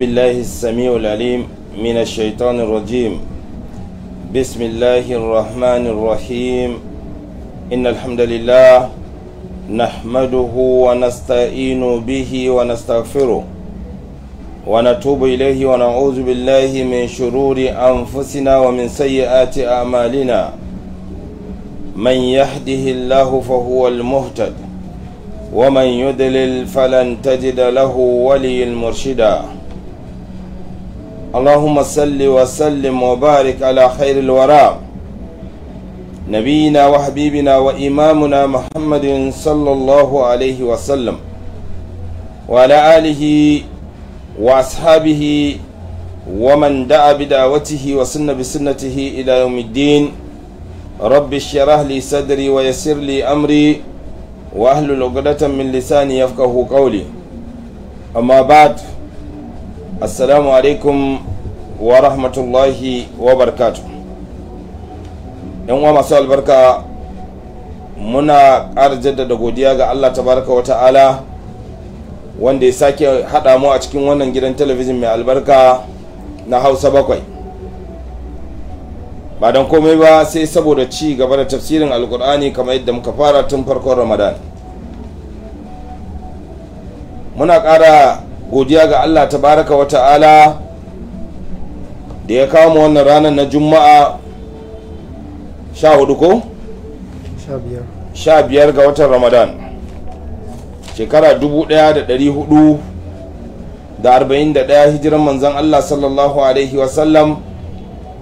بالله السميع العليم من الشيطان الرجيم بسم الله الرحمن الرحيم إن الحمد لله نحمده ونستعين به ونستغفره ونتوب إليه ونعوذ بالله من شرور أنفسنا ومن سيئات أعمالنا من يهده الله فهو المهتد ومن يدلل فلن تجد له ولي مرشدا اللهم صل وسلم وبارك على خير الورى نبينا وحبيبنا وإمامنا محمد صلى الله عليه وسلم وعلى آله وأصحابه ومن دعا بدعوته وسن بسنته إلى يوم الدين رب اشرح لي صدري ويسر لي أمري وأهل العقدة من لساني يفقه قولي أما بعد assalamu alaikum wa rahmatullahi wa barkatu yan uwa masu albarka muna ƙara jaddada godiya ga allah tabaraka wa ta'ala wanda ya sake haɗa mu a cikin wannan gidan talabijin mai albarka na hausa bakwai ba don komai ba sai saboda ci gaba da tafsirin alkur'ani kamar yadda muka fara tun farkon ramadan muna ƙara godiya ga Allah tabaraka wa ta'ala da ya kama wannan ranar na juma'a sha hudu ko? sha biyar ga watan ramadan shekara dubu daya da dari hudu da arba'in da daya hijiran manzan Allah sallallahu alaihi wasallam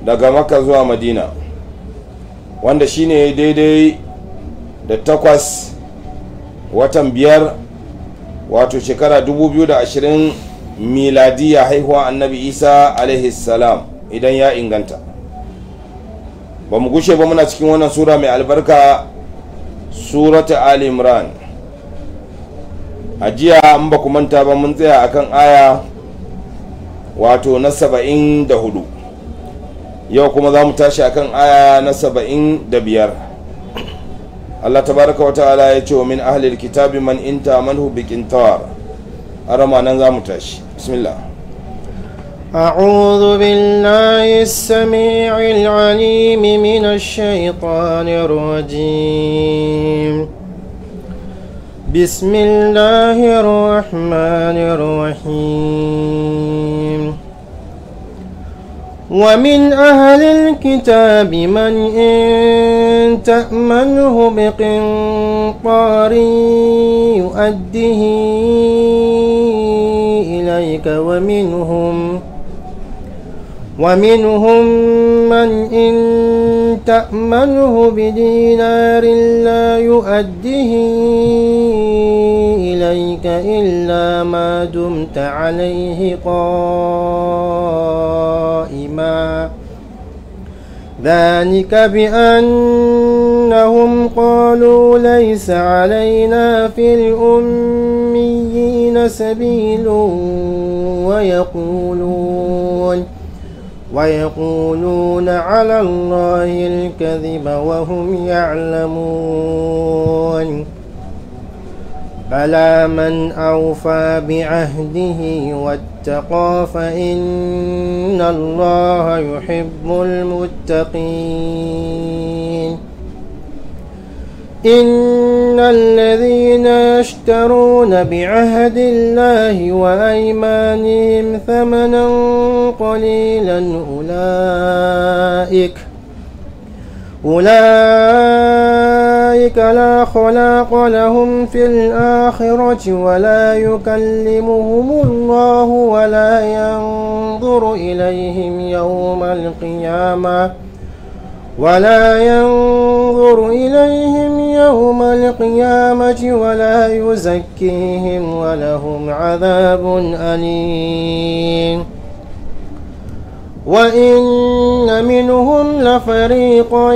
daga maka zuwa madina wanda shine daidai da takwas watan biyar wato shekara 2020 miladiya haihuwa annabi isa alaihi salam idan ya inganta ba mu gushe ba muna cikin wannan sura mai albarka surata ali imran a jiya an ba ku manta ba mun tsaya akan aya wato na saba'in da hudu yau kuma za mu tashi akan aya na saba'in da biyar الله تبارك وتعالى يجو من أهل الكتاب من انت منه بكنتار أرما ننزام تشي بسم الله أعوذ بالله السميع العليم من الشيطان الرجيم بسم الله الرحمن الرحيم ومن أهل الكتاب من إن تأمنه بقنطار يؤده إليك ومنهم ومنهم من إن تأمنه بدينار لا يؤده إليك إلا ما دمت عليه قائما ذلك بأنهم قالوا ليس علينا في الأميين سبيل ويقولون ويقولون على الله الكذب وهم يعلمون على من أوفى بعهده واتقى فإن الله يحب المتقين إن الذين يشترون بعهد الله وأيمانهم ثمنا قليلا أولئك أولئك أولئك لا خلاق لهم في الآخرة ولا يكلمهم الله ولا ينظر إليهم يوم القيامة ولا ينظر إليهم يوم القيامة ولا يزكيهم ولهم عذاب أليم وإن منهم لفريقا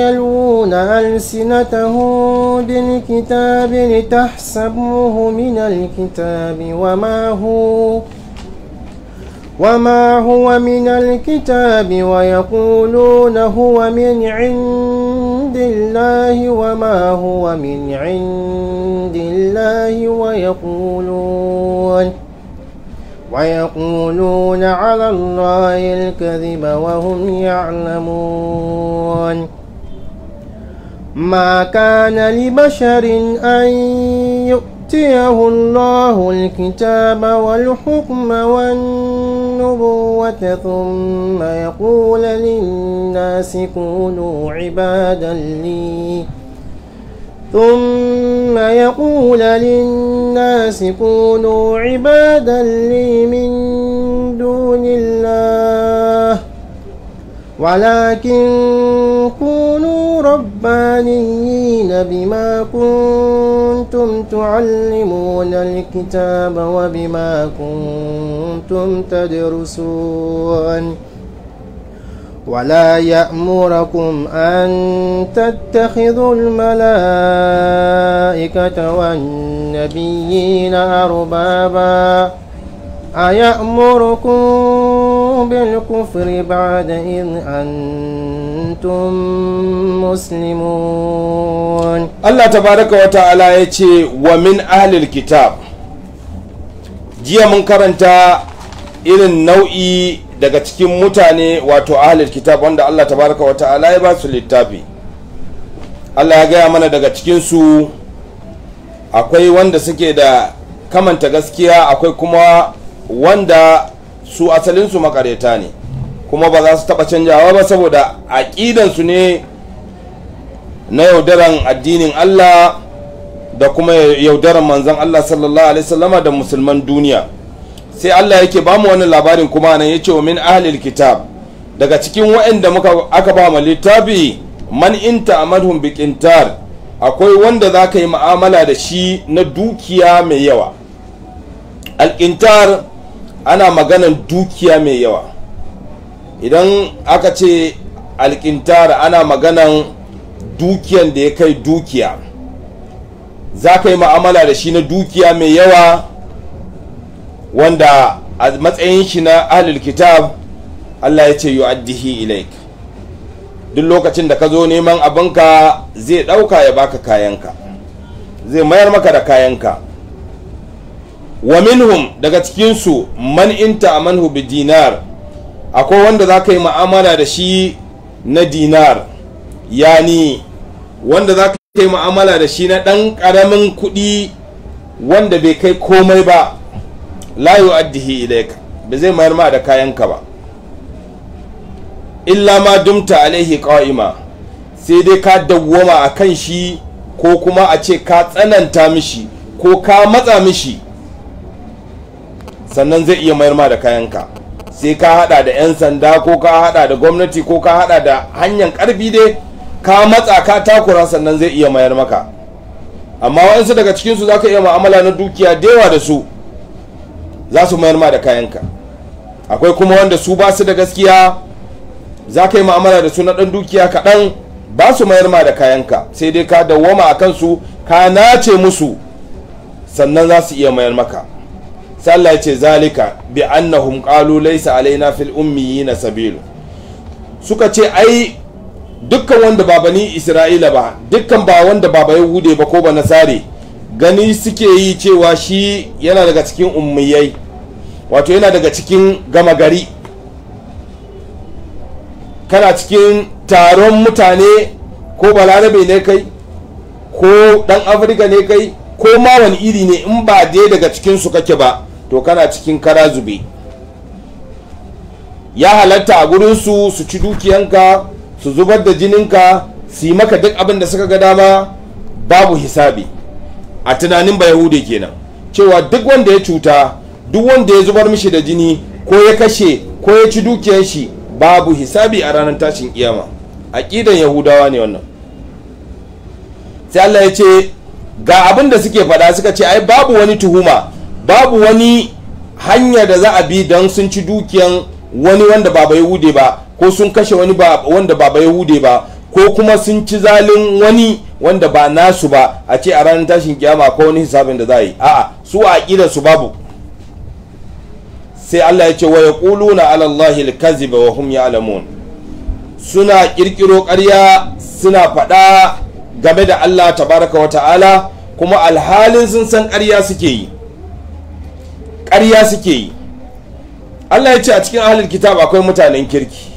يلوون ألسنتهم بالكتاب لتحسبوه من الكتاب وما هو وما هو من الكتاب ويقولون هو من عند الله وما هو من عند الله ويقولون ويقولون على الله الكذب وهم يعلمون ما كان لبشر أن يؤتيه الله الكتاب والحكم والنبوة ثم يقول للناس كونوا عبادا لي ثم يقول للناس كونوا عبادا لي من دون الله ولكن كونوا ربانيين بما كنتم تعلمون الكتاب وبما كنتم تدرسون ولا يأمركم أن تتخذوا الملائكة والنبيين أربابا أيأمركم بالكفر بعد إذ أنتم مسلمون الله تبارك وتعالى يتي ومن أهل الكتاب جيا من كرنتا إلى النوئي daga cikin mutane wato ahalil kitab wanda Allah tabaraka wa ta'ala ya ba su littafi Allah ya gaya mana daga cikin su akwai wanda suke da kamanta gaskiya akwai kuma wanda su asalin su makareta ne kuma ba za su taba canjawa ba saboda aqidan su ne na yaudaran addinin Allah da kuma yaudaran manzon Allah sallallahu alaihi wasallama da musulman duniya sai Allah yake ba mu wannan labarin kuma nan yace wa min ahlil kitab daga cikin waɗanda muka aka ba mu littafi man inta amadhum biqintar akwai wanda zaka yi mu'amala da shi na dukiya mai yawa alqintar ana maganan dukiya mai yawa idan aka ce alqintar ana maganan dukiyan da ya kai dukiya za yi ma'amala da shi na dukiya mai yawa wanda a matsayin shi na ahlul kitab Allah ya ce yu'addihi ilaik duk lokacin da ka zo neman abinka zai ɗauka ya baka kayanka zai mayar maka da kayanka wa minhum daga cikinsu man inta amanhu bi dinar akwai wanda za ka yi ma'amala da shi na dinar yani wanda za ka yi ma'amala da shi na ɗan ƙaramin kuɗi wanda bai kai komai ba la yu'addihi yaka ba zai mayar ma da kayan ka ba illa ma dumta alaihi qa'ima sai dai ka dawwama kan shi ko kuma a ce ka tsananta mishi ko ka matsa mishi sannan zai iya mayar ma da kayan ka sai ka hada da 'yan sanda ko ka hada da gwamnati ko ka hada da hanyar karfi dai ka matsa ka takura sannan zai iya mayar maka amma waɗansu daga cikinsu za ka iya ma'amala na dukiya da yawa da su za su mayar ma da kayanka akwai kuma wanda su ba su da gaskiya za ka yi ma'amala da su na ɗan dukiya kaɗan ba su mayar ma da kayanka sai dai ka dawwama a kansu ka nace musu sannan za su iya mayar maka sallah ce zalika bi annahum qalu laysa alaina fil ummiyina sabilu suka ce ai dukkan wanda ba isra'ila ba dukkan ba wanda ba ba yahude ba ko ba na nasare gani suke yi cewa shi yana daga cikin ummiyai wato yana daga cikin gama gari kana cikin taron mutane ko balarabe ne kai ko dan afirka ne kai ko ma wani iri ne in ba dai daga cikinsu kake ba to kana cikin kara zube ya halatta a gurinsu su ci dukiyanka su zubar da jininka su yi maka duk abin da suka ga dama babu hisabi a tunanin ba yahude kenan cewa duk wanda ya cuta duk wanda ya zubar mishi da jini ko ya kashe ko ya ci dukiyar shi babu hisabi a ranar tashin kiyama aqidan yahudawa ne wannan sai Allah ya ce ga abin da suke faɗa suka ce ai babu wani tuhuma babu wani hanya da za a bi don sun ci dukiyan wani wanda ba yahude ba ko sun kashe wani wanda ba yahude ba ko kuma sun ci zalin wani wanda ba nasu ba a ce a ranar tashin kiyama ko wani hisabin da za a yi a'a su a aqidar su babu sai Allah ya ce wa yaquluna ala Allahi al-kadhib wa hum ya'lamun suna kirkiro ƙarya suna faɗa game da Allah tabaraka wa ta'ala kuma alhalin sun san ƙarya suke yi ƙarya suke yi Allah ya ce a cikin ahalin kitab akwai mutanen kirki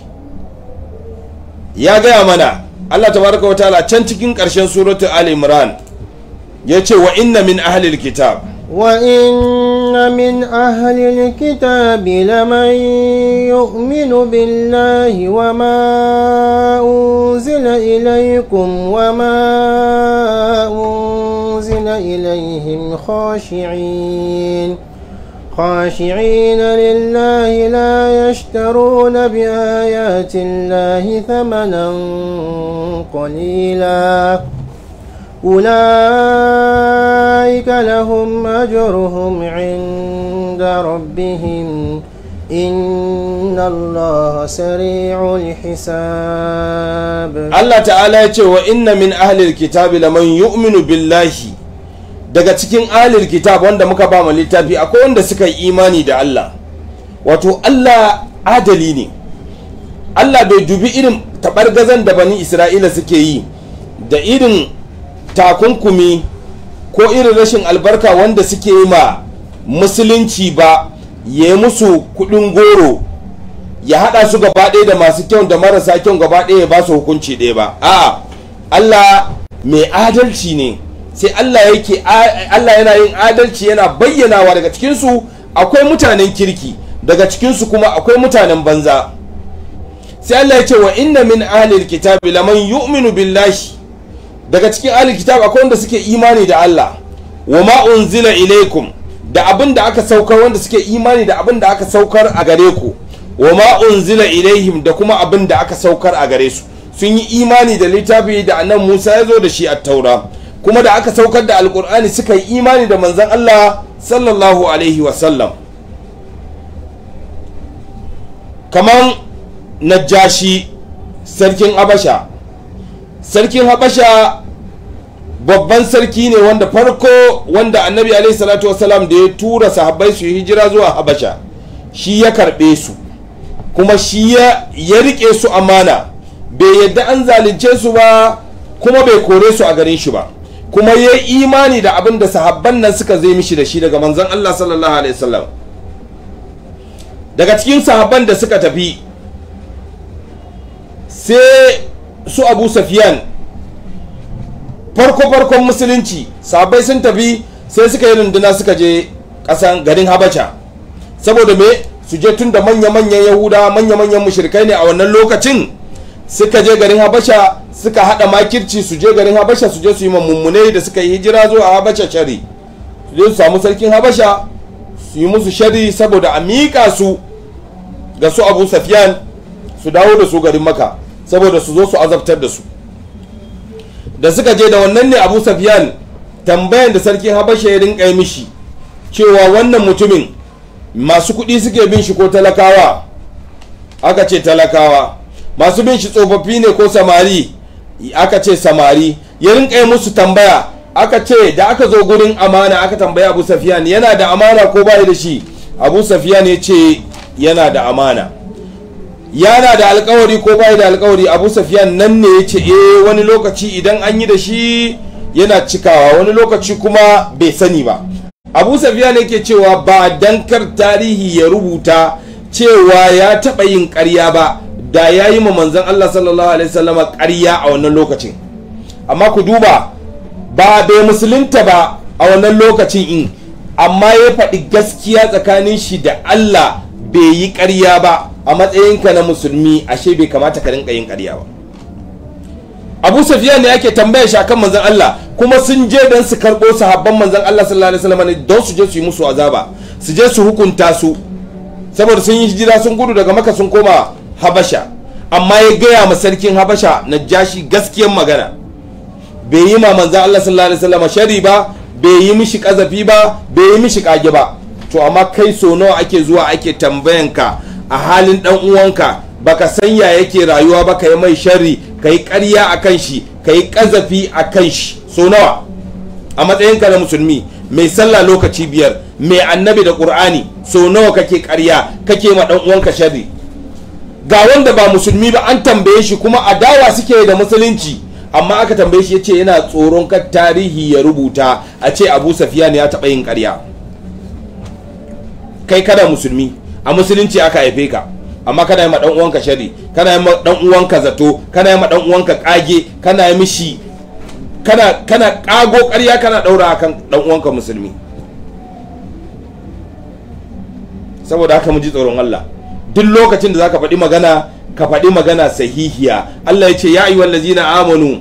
ya gaya mana Allah tabaraka wa ta'ala can cikin ƙarshen suratu Ali Imran yace wa inna min ahlil kitab wa inna min ahlil kitab laman yu'minu billahi wa ma unzila ilaykum wa ma unzila ilayhim khashi'in خاشعين لله لا يشترون بآيات الله ثمنا قليلا أولئك لهم أجرهم عند ربهم إن الله سريع الحساب الله تعالى وإن من أهل الكتاب لمن يؤمن بالله daga cikin alil kitab wanda muka ba mu littafi akwai wanda suka yi imani da Allah wato Allah adali ne Allah bai dubi irin taɓargazan da bani Isra'ila suke yi da irin takunkumi ko irin rashin albarka wanda suke yi ma musulunci ba ya yi musu kuɗin goro ya haɗa su gaba ɗaya da masu kyau da marasa kyau gaba ɗaya ya ba su hukunci ɗaya ba a'a Allah mai adalci ne sai Allah yake Allah yana yin adalci yana bayyanawa daga cikinsu akwai mutanen kirki daga cikinsu kuma akwai mutanen banza sai Allah ya ce wa inna min ahlil kitabi laman yu'minu billahi daga cikin ahlil kitab akwai wanda suke imani da Allah wa ma unzila ilaikum da abin da aka saukar wanda suke imani da abin da aka saukar a gare ku wa ma unzila ilaihim da kuma abin da aka saukar a gare su sun yi imani da littafi da annabi Musa ya zo da shi a taura kuma da aka saukar da alkur'ani suka yi imani da manzan Allah sallallahu alaihi wasallam kamar najashi sarkin habasha sarkin habasha babban sarki ne wanda farko wanda annabi alaihi salatu wasalam da ya tura sahabbai su hijira zuwa habasha shi ya karbe su kuma shi ya rike su amana bai yadda an zalunce su ba kuma bai kore su a garin shi ba kuma ya yi imani da abin da sahabban nan suka zai mishi da shi daga manzon Allah sallallahu alaihi wasallam daga cikin sahabban da suka tafi sai su Abu Safiyan farko farkon musulunci sahabbai sun tafi sai suka yi runduna suka je kasan garin Habasha saboda me su je tun da manya-manyan Yahuda manya-manyan mushrikai ne a wannan lokacin suka je garin habasha suka hada makirci su je garin habasha su je su yi mummune da suka yi hijira zuwa habasha shari su je su samu sarkin habasha su yi musu shari saboda a miƙa su ga su abu safiyan su dawo da su garin maka saboda su zo su azabtar da su da suka je da wannan ne abu safiyan tambayan da sarkin habasha ya rinka yi mishi cewa wannan mutumin masu kuɗi suke bin shi ko talakawa aka ce talakawa masu bin shi tsofaffi ne ko samari aka ce samari ya rinka yi musu tambaya aka ce da aka zo gurin amana aka tambaya abu safiyan yana da amana ko bai da shi abu safiyan ya ce yana da amana yana da alkawari ko bai da alkawari abu safiyan nan ne ya ce eh wani lokaci idan an yi da shi yana cikawa wani lokaci kuma bai sani ba abu safiyan yake cewa ba dankar tarihi ya rubuta cewa ya taɓa yin ƙarya ba da ya yi ma manzan Allah sallallahu alaihi wasallama ƙarya a wannan lokacin amma ku duba ba bai musulunta ba a wannan lokacin in amma ya faɗi gaskiya tsakanin shi da Allah bai yi ƙarya ba a matsayinka na musulmi ashe bai kamata ka rinka yin ƙarya ba abu safiya ne ake tambaya shi akan manzan Allah kuma sun je don su karɓo sahabban manzan Allah sallallahu alaihi wasallam ne don su je su yi musu azaba su je su hukunta su saboda sun yi hijira sun gudu daga maka sun koma habasha amma ya gaya ma sarkin habasha na jashi gaskiyar magana bai yi ma manzan Allah sallallahu alaihi wasallam shari ba bai yi mishi kazafi ba bai yi mishi kage ba to amma kai so nawa ake zuwa ake tambayan ka a halin dan uwanka baka san ya yake rayuwa ba kai mai sharri kai ƙarya akan shi kai kazafi akan shi so nawa a matsayinka na musulmi mai sallah lokaci biyar mai annabi da qur'ani so nawa kake ƙarya kake ma dan uwanka shari ga wanda ba musulmi ba an tambaye shi kuma adawa suke da musulunci amma aka tambaye shi ya ce yana tsoron kan tarihi ya rubuta a ce Abu Safiya ne ya taɓa yin ƙarya kai kada musulmi a musulunci aka haife ka amma kana yi ma dan uwanka shari kana yi ma dan uwanka zato kana yi ma dan uwanka kage kana yi mishi kana kana kago ƙarya kana daura kan dan uwanka musulmi saboda haka mu ji tsoron Allah duk lokacin da zaka faɗi magana ka faɗi magana sahihiya Allah ya ce ya ayyuhal ladzina amanu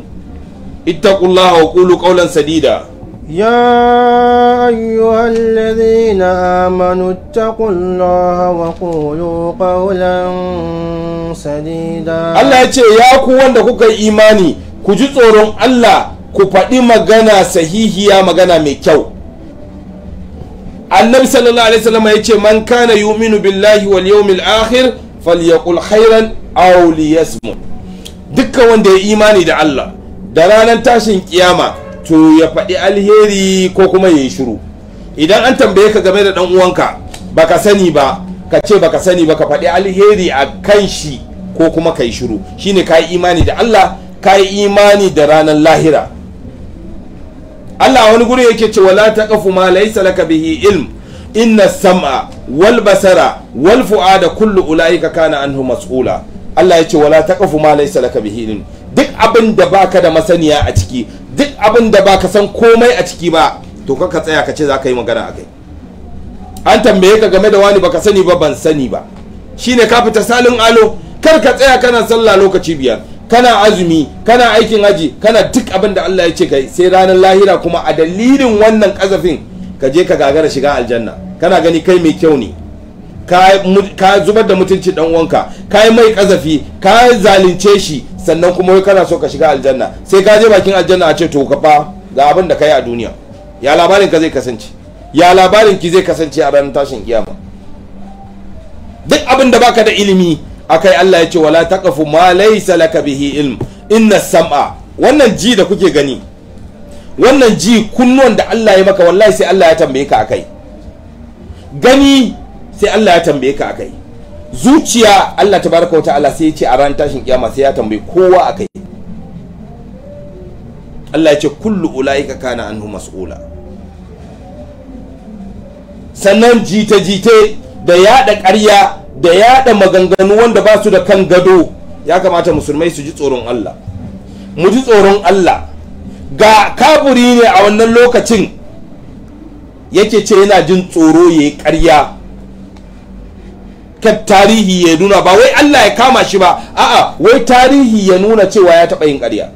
ittaqullaha wa qulu qawlan sadida Ya يا wa الذين آمنوا sadida. Allah ya ce ya ku wanda kuka yi imani ku ji tsoron Allah ku faɗi magana sahihiya magana mai kyau annabi sallallahu alaihi wasallam ya ce man kana yu'minu billahi wal yawmil akhir falyaqul khairan aw liyasmu dukkan wanda ya imani da Allah da ranar tashin kiyama to ya faɗi alheri ko kuma ya yi shiru idan an tambaye ka game da dan uwanka baka sani ba ka ce baka sani ba ka faɗi alheri a kan shi ko kuma ka yi shiru shine ka yi imani da Allah ka yi imani da ranar lahira Allah wani guri yake ce wala kafu ma laysa laka bihi ilm inna sam'a wal basara wal fu'ada kullu ulaika kana anhu mas'ula Allah ya ce wala kafu ma laysa laka bihi ilm duk abin da baka da masaniya a ciki duk abin da baka san komai a ciki ba to ka tsaya ka ce za ka yi magana a kai an tambaye ka game da wani baka sani ba ban sani ba shine ka fita salin alo kar ka tsaya kana sallah lokaci biyar kana azumi kana aikin aji kana duk abin da Allah ya ce kai sai ranar lahira kuma a dalilin wannan kazafin ka je ka gagara shiga aljanna kana gani kai mai kyau ne ka zubar da mutunci dan uwanka ka yi mai kazafi ka zalunce shi sannan kuma kana so ka shiga aljanna sai ka je bakin aljanna a ce to ka fa ga abin da kai a duniya ya labarin ka zai kasance ya labarin ki zai kasance a ranar tashin kiyama duk abin da baka da ilimi akai Allah yace ce wala taqafu ma laysa laka bihi ilm inna sam'a wannan ji da kuke gani wannan ji kunnuwan da Allah ya maka wallahi sai Allah ya tambaye ka akai gani sai Allah ya tambaye ka akai zuciya Allah tabaraka wa ta'ala sai ya a ran tashin kiyama sai ya tambaye kowa akai Allah ya ce kullu ulaika kana anhu mas'ula sannan jita-jite da yada ƙarya da yada maganganu wanda ba su da kan gado ya kamata musulmai su ji tsoron Allah mu ji tsoron Allah ga kaburi ne a wannan lokacin yake ce yana jin tsoro ya yi ƙarya kan tarihi ya nuna ba wai Allah ya kama shi ba a'a wai tarihi ya nuna cewa ya taɓa yin ƙarya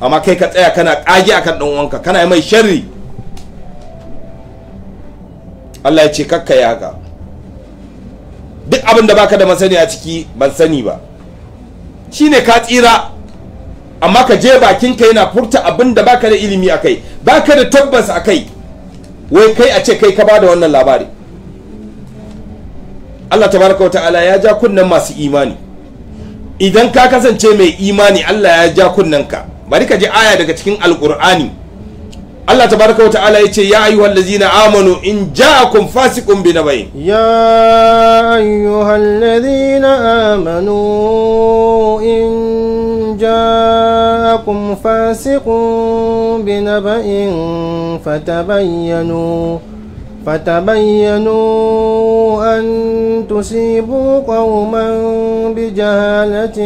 amma kai ka tsaya kana ƙage akan ɗan wanka kana mai sharri Allah ya ce kakka ya ga duk abin da baka da masani a ciki ban sani ba shi ne ka tsira amma ka je bakin bakinka yana furta abin da baka da ilimi a kai baka da tabbas a kai wai kai a ce kai ka ba da wannan labari Allah tabaraka ala ya ja kunnen masu imani idan ka kasance mai imani Allah ya ja kunnen ka bari ka ji aya daga cikin alkur'ani Allah tabaraka wata'ala ya ce ya ayyuhal ladzina amanu in bi na bayin." ya ayyuhal ladzina amanu in na bayin fata bayyano. فتبينوا أن تصيبوا قوما بجهالة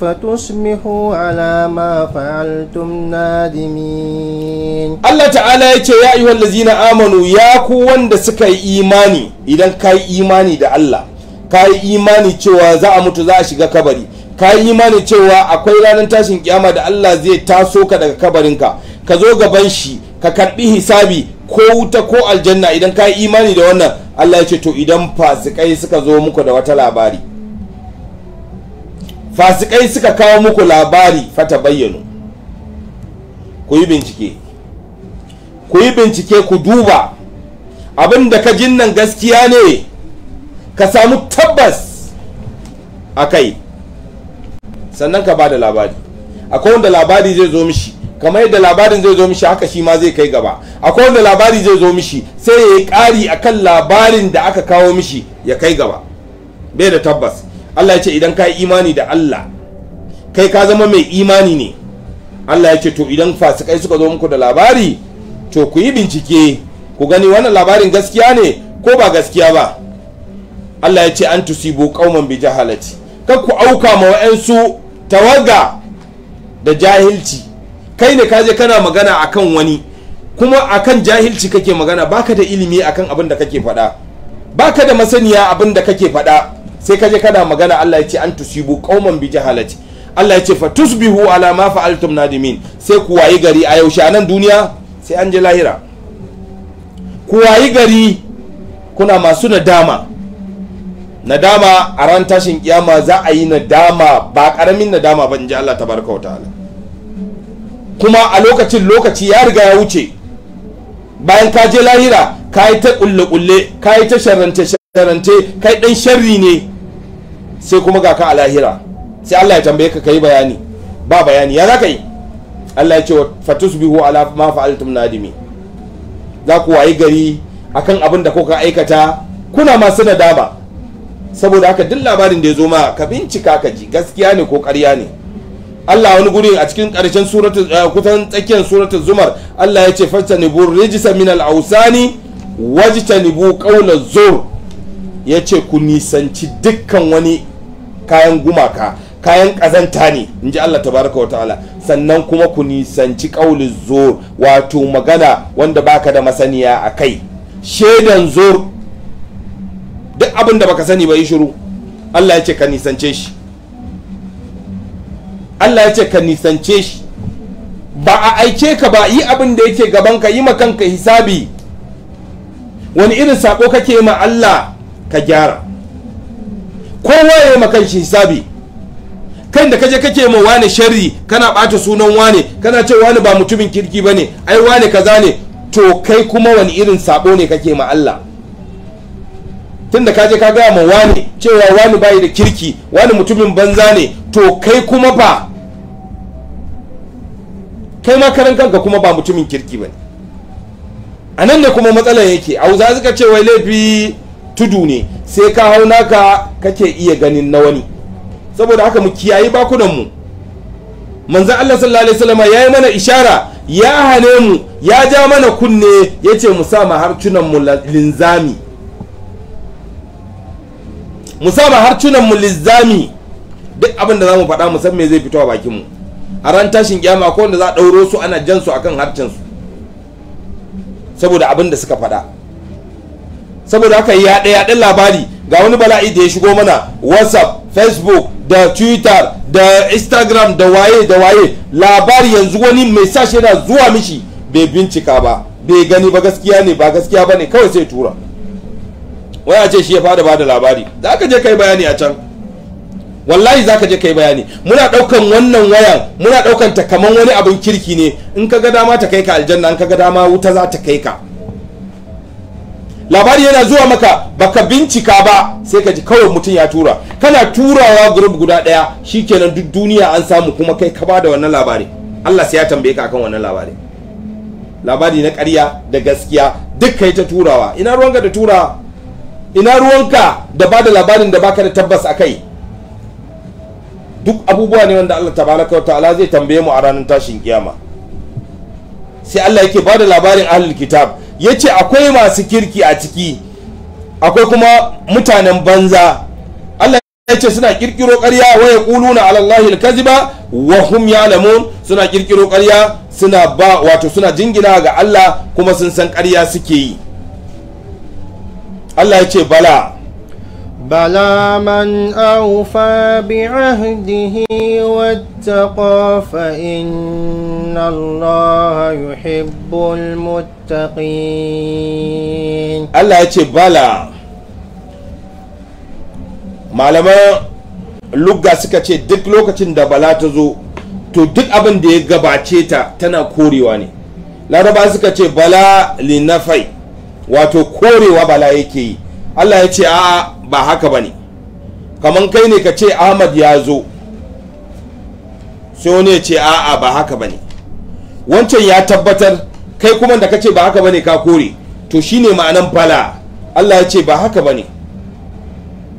فتصبحوا على ما فعلتم نادمين الله تعالى يتي يا أيها الذين آمنوا يا كوان دا سكاي إيماني إذا كاي إيماني دا الله كاي إيماني تشوى زعم تزاشي كبري كاي إيماني تشوى أكوي ننتاشن كياما دا الله زي تاسوك دا كبرينكا ka بنشي gaban shi ka karbi hisabi ko wuta ko aljanna idan ka yi imani da wannan Allah ya ce to idan fasikai suka zo muku da wata labari fasikai suka kawo muku labari fata bayyano ku yi bincike ku yi bincike ku duba abin da ka jin nan gaskiya ne ka samu tabbas a kai sannan ka ba da labari akwai wanda labari zai zo mishi kamar yadda labarin zai zo mishi haka shi ma zai kai gaba akwai wanda labari zai zo mishi sai ya yi ƙari kan labarin da aka kawo mishi ya kai gaba bai da tabbas Allah ya ce idan ka yi imani da Allah kai ka zama mai imani ne Allah ya ce to idan fasikai suka zo muku da labari to ku yi bincike ku gani wannan labarin gaskiya ne ko ba gaskiya ba Allah ya ce an tusibu kauman bi jahalati kar ku auka ma wa'ansu tawaga da jahilci kai ne kaje kana magana akan wani kuma akan jahilci kake magana baka da ilimi akan abin da kake faɗa baka da masaniya abin da kake faɗa sai kaje kana magana Allah ya ce an tusibu qauman bi jahalati Allah ya ce fa tusbihu ala ma fa'altum nadimin sai ku wayi gari a yaushe a nan duniya sai an je lahira ku wayi gari kuna masu nadama nadama a ran tashin kiyama za a yi nadama ba karamin nadama ba in ji Allah tabaraka wa ta'ala kuma a lokacin lokaci ya riga ya wuce bayan ka je lahira ka yi ta kulle-kulle ka yi ta sharrance-sharrance kai ɗan sharri ne sai kuma ga ka a lahira sai Allah ya tambaye ka kai bayani ba bayani ya za ka yi Allah ya ce wa bihu ala ma fa'altum nadimi za ku wayi gari akan abin da kuka aikata kuna masu nadama saboda haka duk labarin da ya zo ma ka bincika ka ji gaskiya ne ko ƙarya ne Allah wani gurin a cikin ƙarshen suratul eh, tsakiyar suratul zumar Allah ya ce fastanibu rijisa min al-ausani wajtanibu ƙaunar zur ya ce ku nisanci dukkan wani kayan gumaka kayan ƙazanta ne in ji Allah tabaraka wa ta'ala sannan kuma ku nisanci ƙaunar zur wato magana wanda baka da masaniya a kai shaidan zur duk abin da baka sani ba yi shiru Allah ya ce ka nisance shi Allah ya ce ka nisance shi ba a aike ka ba yi abin da yake gaban ka yi ka hisabi wani irin sako kake ma Allah ka gyara kowa ya makan shi hisabi kan da kaje kake ma wani sharri kana bata sunan wani kana ce wani ba mutumin kirki bane ai wani kaza ne to kai kuma wani irin sako ne kake ma Allah Tun da kaje ka ga ma wani cewa wani bayi da kirki wani mutumin banza ne to kai kuma ba. kai ma karan kanka kuma ba mutumin kirki ba a nan ne kuma matsalar yake a wuza suka ce wai laifi tudu ne sai ka hau naka kake iya ganin na wani saboda haka mu kiyayi bakunanmu manzan Allah sallallahu alaihi wasallam ya yi mana ishara ya hane mu ya ja mana kunne ya ce mu sa harcunanmu linzami mu sa harcunanmu linzami duk abin da za mu faɗa mu san me zai fito a bakinmu a ran tashin kyama ko wanda za a ɗauro su ana jan su akan harcin su saboda abin da suka faɗa saboda haka ya ɗaya labari ga wani bala'i da ya shigo mana whatsapp facebook da twitter da instagram da waye da waye labari yanzu wani mai sashe yana zuwa mishi bai bincika ba bai gani ba gaskiya ne ba gaskiya ba ne kawai sai tura waya ce shi ya fada ba da labari za ka je kai bayani a can wallahi zaka je kai bayani muna ɗaukan wannan wayan muna ɗaukan ta kaman wani abin kirki ne in ka ga dama ta kai ka aljanna in ka ga dama wuta za ta kai ka labari yana zuwa maka baka bincika ba sai ka ji kawai mutum ya tura kana turawa group guda daya shikenan duk duniya an samu kuma kai ka bada wannan labari Allah sai ya tambaye ka akan wannan labari labari na ƙarya da gaskiya duk kai ta turawa ina ruwanka da tura ina ruwanka da bada labarin da baka da tabbas akai duk abubuwa ne wanda Allah tabaraka wa ta'ala zai tambaye mu a ranar tashin kiyama sai Allah yake bada labarin ahlul kitab yace akwai masu kirki a ciki akwai kuma mutanen banza Allah yace suna kirkiro ƙarya wa yaquluna ala Allahi alkaziba kaziba wa hum ya'lamun suna kirkiro ƙarya suna ba wato suna jingina ga Allah kuma sun san ƙarya suke yi Allah yace bala بلى من أوفى بعهده واتقى فإن الله يحب المتقين الله يتي بلى معلمة lugga suka ce duk lokacin da bala ta zo to duk abin da ya gabace ta tana korewa ne laraba suka ce bala linafai wato korewa bala yake yi allah ya ce a ba haka ba ne kamar kai ne ka ce ahmad ya zo sai wani ce a'a ba haka ba ne wancan ya tabbatar kai kuma da ka ce ba haka ba ne ka kore to shine ma'anan fala allah ya ce ba haka ba ne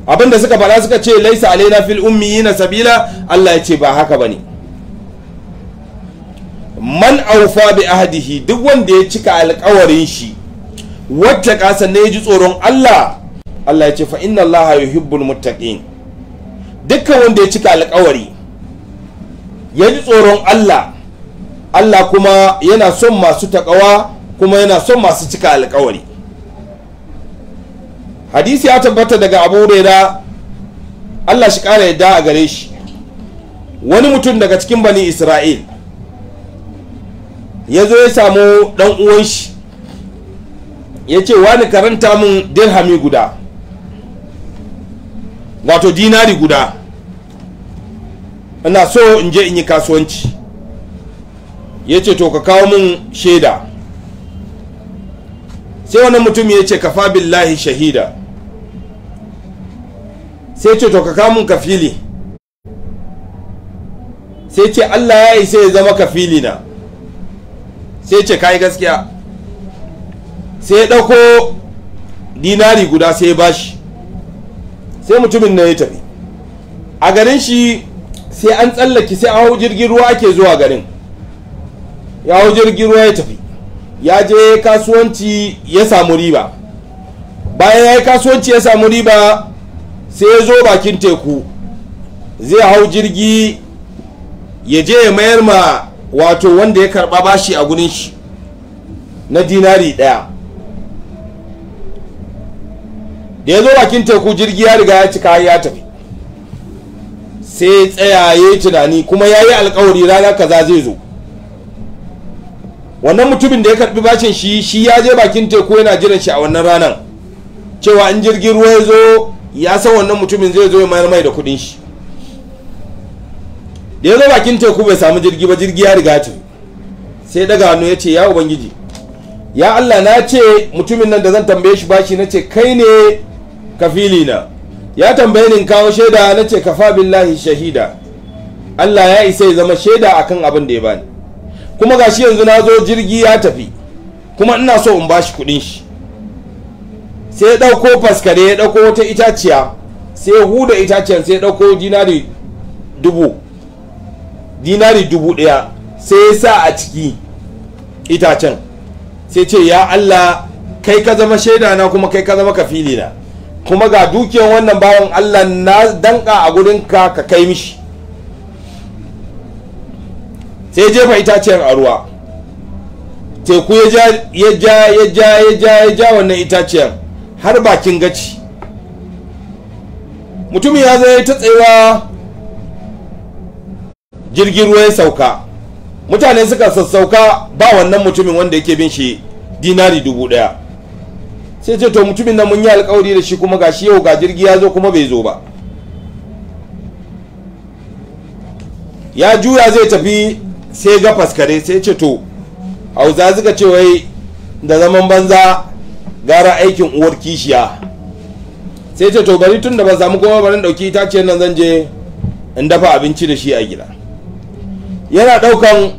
abinda suka fara suka ce laisa alaina fil na sabila allah ya ce ba haka ba ne man aufa bi ahadihi duk wanda ya cika alkawarin shi wacce kasan ne ya ji tsoron allah Allah ya ce fa inna Allah hibbul muttaqin dukkan wanda ya cika alƙawari ya ji tsoron Allah Allah kuma yana son masu taƙawa kuma yana son masu cika alƙawari hadisi ya tabbata daga abu da Allah shi ƙara yadda a gare shi wani mutum daga cikin bani isra'il ya zo ya samu ɗan uwan shi ya ce wani karanta mun dirhami guda wato dinari guda ina so in je in yi kasuwanci ya ce to ka kawo min shaida sai wani mutum ya ce kafa billahi shahida sai ce to ka kawo min kafili sai ce allah ya isa ya zama kafili na sai ce kayi gaskiya sai ya dauko dinari guda sai ya bashi sai mutumin na ya tafi a garin shi sai an tsallake sai an hau jirgin ruwa ake zuwa garin ya hau jirgin ruwa ya tafi ya je kasuwanci ya samu riba bayan ya yi kasuwanci ya samu riba sai ya zo bakin teku zai hau jirgi ya je ya mayar ma wato wanda ya karba bashi a gurin shi na dinari daya da ya zo bakin teku jirgi ya riga ya cika ya tafi sai tsayaye tunani kuma ya yi alkawari rana kaza zai zo wannan mutumin da ya karbi bashin shi shi ya je bakin teku yana jiran shi a wannan ranar cewa in jirgin ruwa ya zo ya san wannan mutumin zai zo ya mayar mai da kudin shi da ya zo bakin teku bai samu jirgi ba jirgi ya riga tafi sai daga hannu ya ce ya ubangiji ya allah na ce mutumin nan da zan tambaye shi bashi na ce kai ne na ya tambaye ni kawo shaida na ce kafa billahi shahida Allah ya isa ya zama shaida akan abin da ya bani kuma gashi yanzu na zo jirgi ya tafi kuma ina so in bashi kudin shi sai ya dauko faskare ya dauko wata itaciya sai ya huda itaciyar sai ya dauko dinari dubu dinari dubu daya sai ya sa a ciki itacen sai ce ya Allah kai ka zama shaida na kuma kai ka zama kafili na kuma ga dukiyar wannan bawan Allah na danka a gurinka ka kai mishi sai jefa itaciyar a ruwa teku ya ja ya ja ya ja ya ja ya ja wannan itaciyar har bakin gaci mutum ya zai ta tsayawa jirgin ruwa ya sauka mutane suka sassauka ba wannan mutumin wanda yake bin shi dinari dubu daya sai ce to mutumin nan mun yi alkawari da shi kuma gashi yau ga jirgi ya zo kuma bai zo ba ya juya zai tafi sai ga faskare sai ce to hausa suka ce wai da zaman banza gara aikin uwar kishiya sai ce to bari tun da ban samu kowa barin dauki ce nan zan je in dafa abinci da shi a gida yana daukan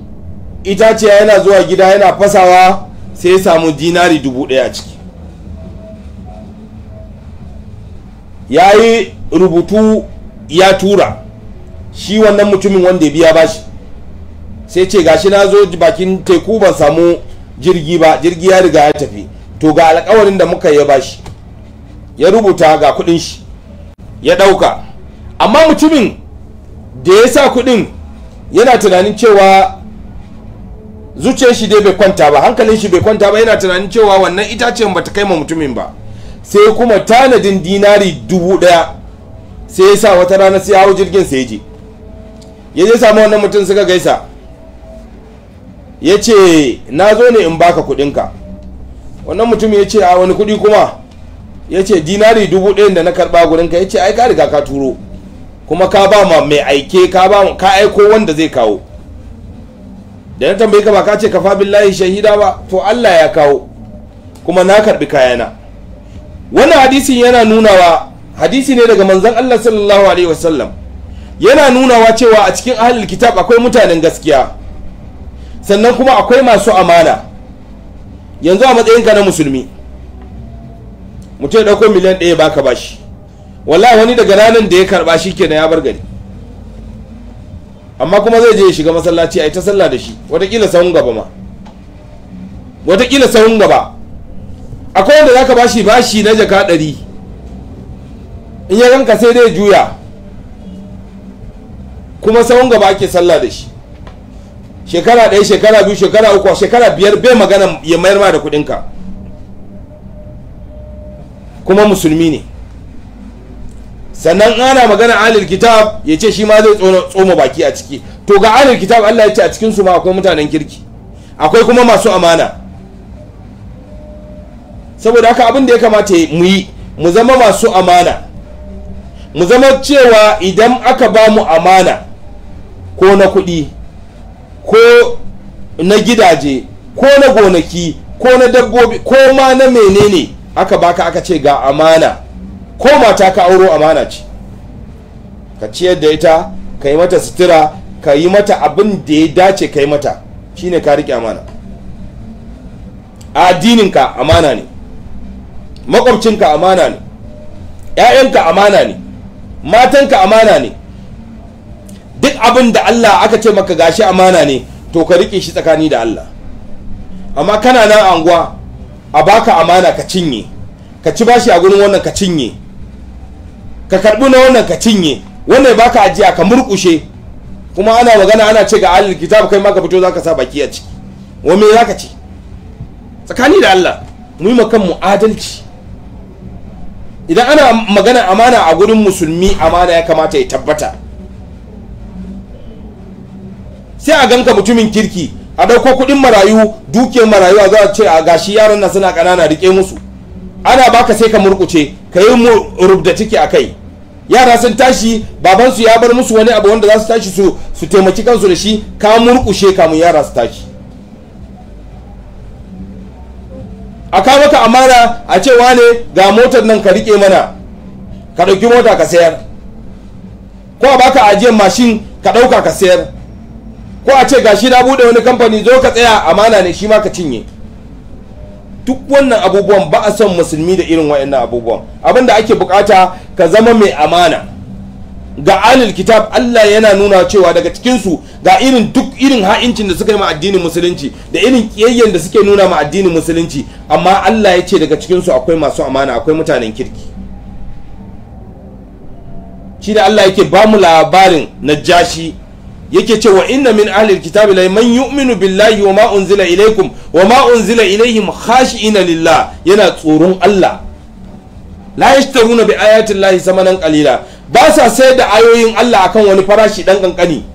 itaciya yana zuwa gida yana fasawa sai ya samu dinari dubu daya ciki ya yi rubutu ya tura shi wannan mutumin wanda ya biya shi. sai ce gashi na zo bakin teku ban samu jirgi ba jirgi ya riga ya tafi to ga alkawarin da muka ya shi ya rubuta ga kudin shi ya dauka amma mutumin da ya sa kudin yana tunanin cewa zuciyar shi dai bai kwanta ba hankalin shi bai kwanta ba yana tunanin cewa wannan itacen ta kai ma mutumin ba sai kuma tanadin dinari dubu daya sai ya sa wata rana sai hau jirgin sai je ya je sami wannan mutum suka gaisa ya ce na zo ne in baka kudinka wannan mutum ya ce a wani kudi kuma ya ce dinari dubu daya da na karba gurinka ya ce ai ka riga ka turo kuma ka ba ma mai aike ka aiko wanda zai kawo da na tambayi ka ba ka ce ka fa billahi shahida ba to allah ya kawo kuma na karɓi kayana wannan hadisin yana nunawa hadisi ne daga manzon Allah sallallahu alaihi wasallam yana nunawa cewa a cikin ahlul kitab akwai mutanen gaskiya sannan kuma akwai masu amana yanzu a matsayinka na musulmi mutum ya dauko miliyan ɗaya baka bashi wallahi wani daga ranan da ya karba shi kenan ya bar gari amma kuma zai je ya shiga masallaci a yi ta sallah da shi watakila sahun gaba ma wataƙila sahun gaba akwai wanda zaka bashi bashi na jaka ɗari in ya ranka sai dai juya kuma sahun gaba ake sallah da shi shekara ɗaya shekara biyu shekara uku shekara biyar bai magana ya mayar ma da kuɗinka kuma musulmi ne sannan ana magana alil kitab ya ce shi ma zai tsoma baki a ciki to ga alil kitab allah ya ce a cikinsu ma akwai mutanen kirki akwai kuma masu amana saboda haka abin da ya kamata mu yi mu zama masu amana mu zama cewa idan aka ba mu amana ko na kuɗi ko na gidaje ko na gonaki ko na dabbobi ko ma na menene aka baka aka ce ga amana ko mata ka auro amana ce ka ciyar da ita ka yi mata sutura ka yi mata abin da ya dace ka yi mata shine ka riƙe amana a addininka amana ne makwabcinka amana ne ‘ya'yanka amana ne matanka amana ne duk abin da Allah aka ce maka gashi amana ne to ka riƙe shi tsakani da Allah amma kana nan anguwa a baka amana ka cinye ka ci bashi a gurin wannan ka cinye ka karbi na wannan ka cinye wannan ya baka ajiya ka murkushe kuma ana magana ana ce ga alil kitab kai ma ka fito zaka sa baki a ciki wa me zaka ci tsakani da Allah mu yi mu adalci idan ana magana amana a gurin musulmi amana ya kamata ya tabbata sai a ganka mutumin kirki a dauko kudin marayu dukiyar marayu a zuwa ce a gashi yaron na suna kanana rike musu ana baka sai ka murkuce ka yi mu rubda ciki a kai yara sun tashi babansu ya bar musu wani abu wanda za su tashi su taimaki kansu da shi ka murkushe kamun yara su tashi a ka maka amana a cewa ne ga motar nan ka rike mana ka ɗauki mota ka sayar ko a baka ajiyar mashin ka ɗauka ka sayar ko a ce gashi na buɗe wani kamfani zo ka tsaya amana ne shi ma ka cinye duk wannan abubuwan ba a son musulmi da irin waɗannan abubuwan abinda ake bukata ka zama mai amana ga alil kitab Allah yana nuna cewa daga cikinsu ga irin duk irin ha'incin da suka yi ma addinin musulunci da irin kiyayyen da suke nuna ma addinin musulunci amma Allah ya ce daga cikinsu akwai masu amana akwai mutanen kirki shi da Allah yake ba mu labarin najashi yake cewa inna min ahlil kitabi la man yu'minu billahi wa ma unzila ilaykum wa ma unzila ilayhim khashi'ina lillah yana tsoron Allah la yashtaruna bi ayati llahi samanan qalila ba sa sayar da ayoyin Allah akan wani farashi dan kankani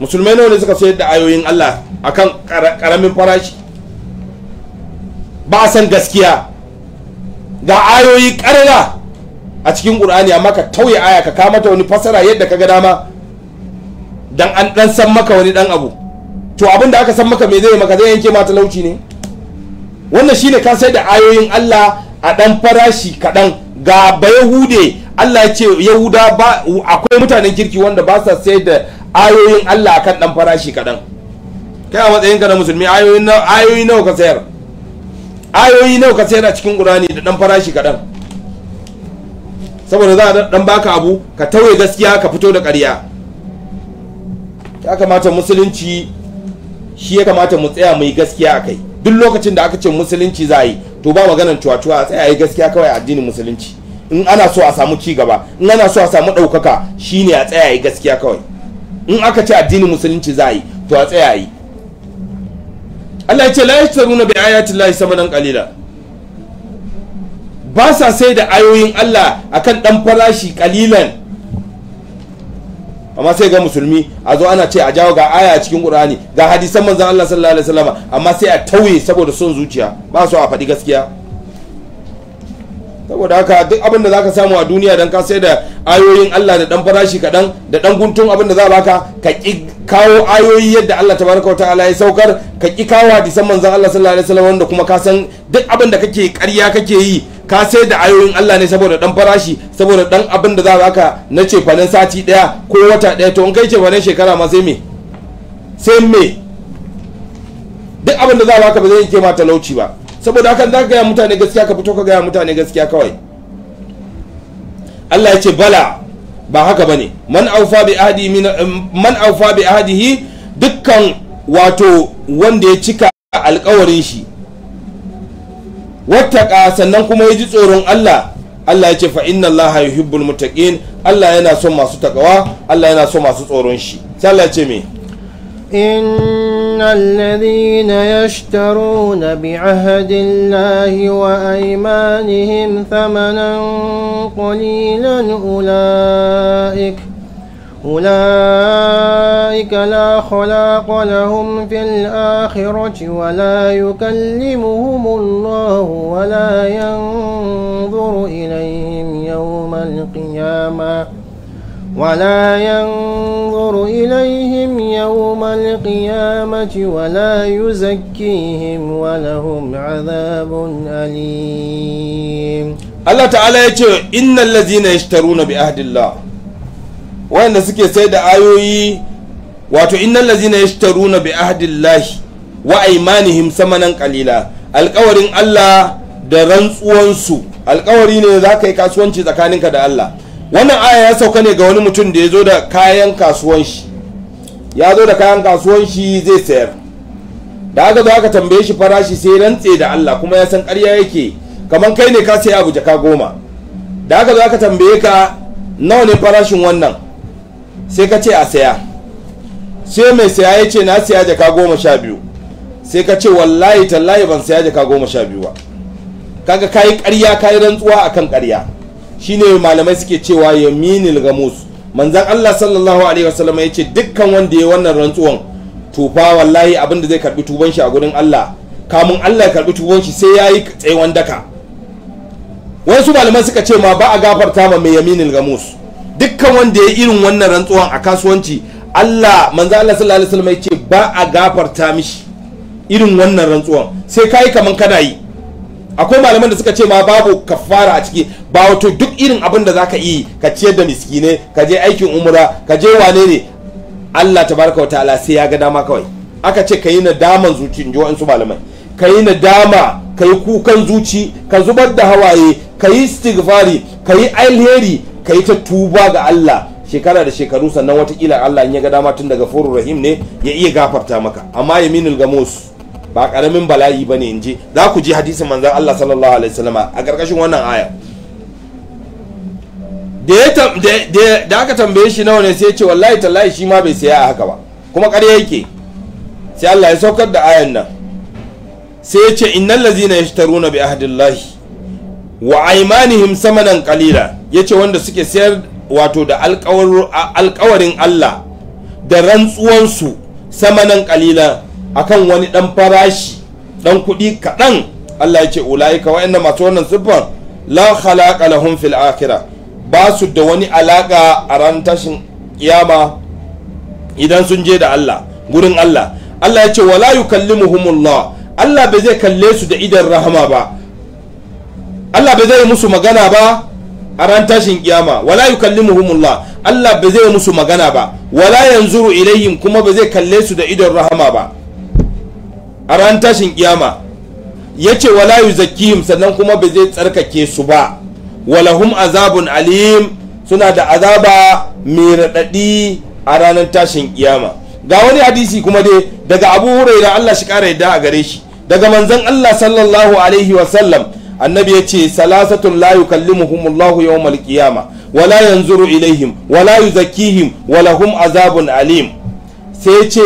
musulmai nawa ne suka sayar da ayoyin Allah akan karamin farashi ba san gaskiya ga ayoyi karara a cikin ƙur'ani amma ka tauye aya ka kama ta wani fasara yadda ka ga dama dan an dan san maka wani dan abu to abin da aka san maka me zai maka zai yanke ma talauci ne wannan shine ka sai da ayoyin Allah a dan farashi kaɗan ga bayahude Allah ya ce yahuda ba akwai mutanen kirki wanda ba sa sayar da ayoyin Allah akan dan farashi kadan kai a ka na musulmi ayoyin nawa ayoyi nawa ka sayar ayoyi nawa ka sayar a cikin Qur'ani da dan farashi kadan saboda za a dan baka abu ka tauye gaskiya ka fito da ƙarya ya kamata musulunci shi ya kamata mu tsaya mu yi gaskiya a kai duk lokacin da aka ce musulunci za a yi to ba maganar cuwa-cuwa a tsaya yi gaskiya kawai addinin musulunci in ana so a samu ci gaba in ana so a samu ɗaukaka shine a tsaya yi gaskiya kawai in aka ce addinin musulunci za a yi to a tsaya yi Allah ya ce la yashtaruna bi ayati llahi samanan qalila ba sa sai da ayoyin Allah akan dan farashi kalilan amma sai ga musulmi a zo ana ce a jawo ga aya a cikin qur'ani ga hadisan manzon Allah sallallahu alaihi wasallam amma sai a tauye saboda son zuciya ba su a faɗi gaskiya saboda haka duk abin da zaka samu a duniya dan ka sai da ayoyin Allah da dan farashi kadan da dan guntun abin da za baka ka ki kawo ayoyi yadda Allah tabaraka ta'ala ya saukar ka ki kawo hadisan manzon Allah sallallahu alaihi wasallam wanda kuma ka san duk abin da kake ƙarya kake yi ka sai da ayoyin Allah ne saboda dan farashi saboda dan abin da za ka na ce cefanen sati daya ko wata daya to in kai ce cefanen shekara ma sai me sai me duk abin da za ka ba zai ke ma talauci ba saboda hakan za ka gaya mutane gaskiya ka fito ka gaya mutane gaskiya kawai Allah ya ce bala ba haka bane man aufa bi ahdi min man aufa bi ahdihi dukkan wato wanda ya cika alƙawarin shi wattaka sannan kuma ya ji tsoron Allah Allah ya ce fa inna Allah hibbul muttaqin Allah yana son masu takawa Allah yana son masu tsoron shi sai Allah ya ce me إن الذين يشترون بعهد wa وأيمانهم thamanan قليلا أولئك أولئك لا خلاق لهم في الآخرة ولا يكلمهم الله ولا ينظر إليهم يوم القيامة ولا ينظر إليهم يوم القيامة ولا يزكيهم ولهم عذاب أليم الله تعالى يقول إن الذين يشترون بأهد الله wayanda suke sai da ayoyi wato innal lazina ya yashtaruna bi ahadillahi wa aymanihim samanan kalila alƙawarin Allah da rantsuwansu alƙawari ne za ka yi kasuwanci tsakanin ka da Allah wannan aya ya sauka ne ga wani mutum da ya zo da kayan kasuwan shi ya da kayan kasuwan shi zai sayar da aka zo aka tambaye shi farashi sai rantse da Allah kuma ya san ƙarya yake kamar kai ne ka sai abu jaka goma da aka zo aka tambaye ka nawa ne farashin wannan sai ka ce a saya sai mai saya ya ce na saya jaka goma sha biyu sai ka ce wallahi tallahi ban saya jaka goma sha biyu ba kaga kayi ƙarya kayi rantsuwa akan ƙarya shine malamai suke cewa yaminil gamus manzan Allah sallallahu alaihi wasallam ya ce dukkan wanda ya wannan rantsuwan tufa wallahi abinda zai karbi tuban shi a gurin Allah kamun Allah ya karbi tuban shi sai yayi tsayuwan daka wasu malamai suka ce ma ba a gafarta ma mai yaminil gamus dukkan wanda ya irin wannan rantsuwan a kasuwanci Allah manzo Allah sallallahu alaihi wasallam yace ba a gafarta mishi irin wannan rantsuwan sai kai kaman kana yi akwai malaman da suka ce ma babu kafara a ciki ba wato duk irin abin da zaka yi ka ciyar da miskine ka je aikin umra ka je wane ne Allah tabaraka wataala sai ya ga dama kawai aka ce ka yi nadaman zuci in ji wa'ansu malaman ka yi nadama ka yi kukan zuci ka zubar da hawaye ka yi istighfari ka yi alheri ka yi ta tuba ga Allah shekara da shekaru sannan watakila Allah in ya ga dama tun daga furu rahim ne ya iya gafarta maka amma yaminul gamus ba karamin bala'i bane in ji za ku ji hadisin manzon Allah sallallahu alaihi wasallama a karkashin wannan aya da ya aka tambaye shi nawa ne sai ya ce wallahi tallahi shi ma bai saya a haka ba kuma ƙarya yake sai Allah ya saukar da ayan nan sai ya ce innal ladzina yashtaruna bi ahdillahi wa aymanihim samanan kalila ya ce wanda suke sayar wato da alkawarin Allah da rantsuwansu samanan kalila akan wani dan farashi dan kuɗi kaɗan Allah ya ce ula'ika wa'annan masu wannan siffar la khalaqa lahum fil akhirah ba su da wani alaka a ran tashin kiyama idan sun je da Allah gurin Allah Allah ya ce wala yukallimuhumullah Allah bai zai kalle su da idan rahama ba Allah bai zai musu magana ba a ran tashin kiyama wala yukallimuhumullah Allah ba zai musu magana ba wala yanzuru ilayhim kuma ba zai kalle su da idon rahama ba a ran tashin kiyama yace wala yuzakkihim sannan kuma ba zai tsarkake su ba walahum azabun alim suna da azaba mai raɗaɗi a ranar tashin kiyama ga wani hadisi kuma dai daga abu Hurairah Allah shi kara yadda a gare shi daga manzon Allah sallallahu alaihi sallam. annabi ya ce salasatun kalli yukallimuhum Allahu yawmal qiyama wala yanzuru ilaihim wala zakihim wala hum azabun alim sai ce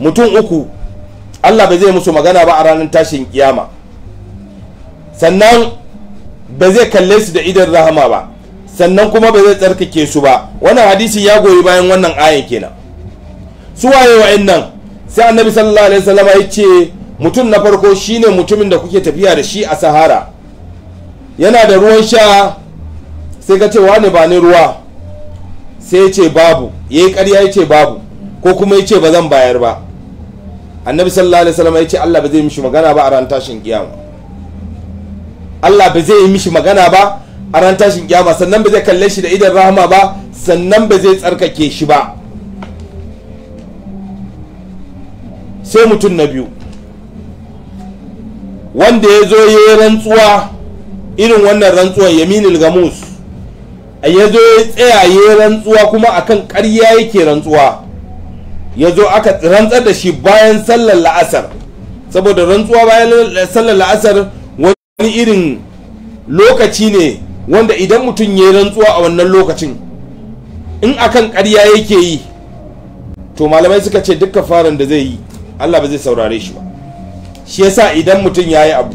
mutum uku Allah ba zai musu magana ba a ranar tashin kiyama sannan ba zai kalle su da idan rahama ba sannan kuma ba zai tsarkake su ba wannan hadisi ya goyi bayan wannan ayin kenan su waye wa'annan sai annabi sallallahu alaihi wasallam ya ce mutum na farko shine mutumin da kuke tafiya da shi a sahara yana da ruwan sha sai ka ce wane ba ni ruwa sai ya ce babu ya yi karya ya ce babu ko kuma ya ce ba zan bayar ba annabi sallallahu alaihi wasallam ya ce Allah ba zai mishi magana ba a ran tashin kiyama Allah ba zai yi mishi magana ba a ran tashin kiyama sannan ba zai kalle shi da idan rahama ba sannan ba zai tsarkake shi ba sai mutum na biyu wanda ya zo ya yi rantsuwa irin wannan rantsuwan yaminil gamus ya zo ya tsaya ya yi rantsuwa kuma akan ƙarya yake rantsuwa ya zo aka rantsar da shi bayan sallar la'asar saboda rantsuwa bayan sallar la'asar wani irin lokaci ne wanda idan mutum ya yi rantsuwa a wannan lokacin in akan ƙarya yake yi to malamai suka ce dukkan farin da zai yi allah ba zai saurare shi ba shi yasa idan mutum ya yi abu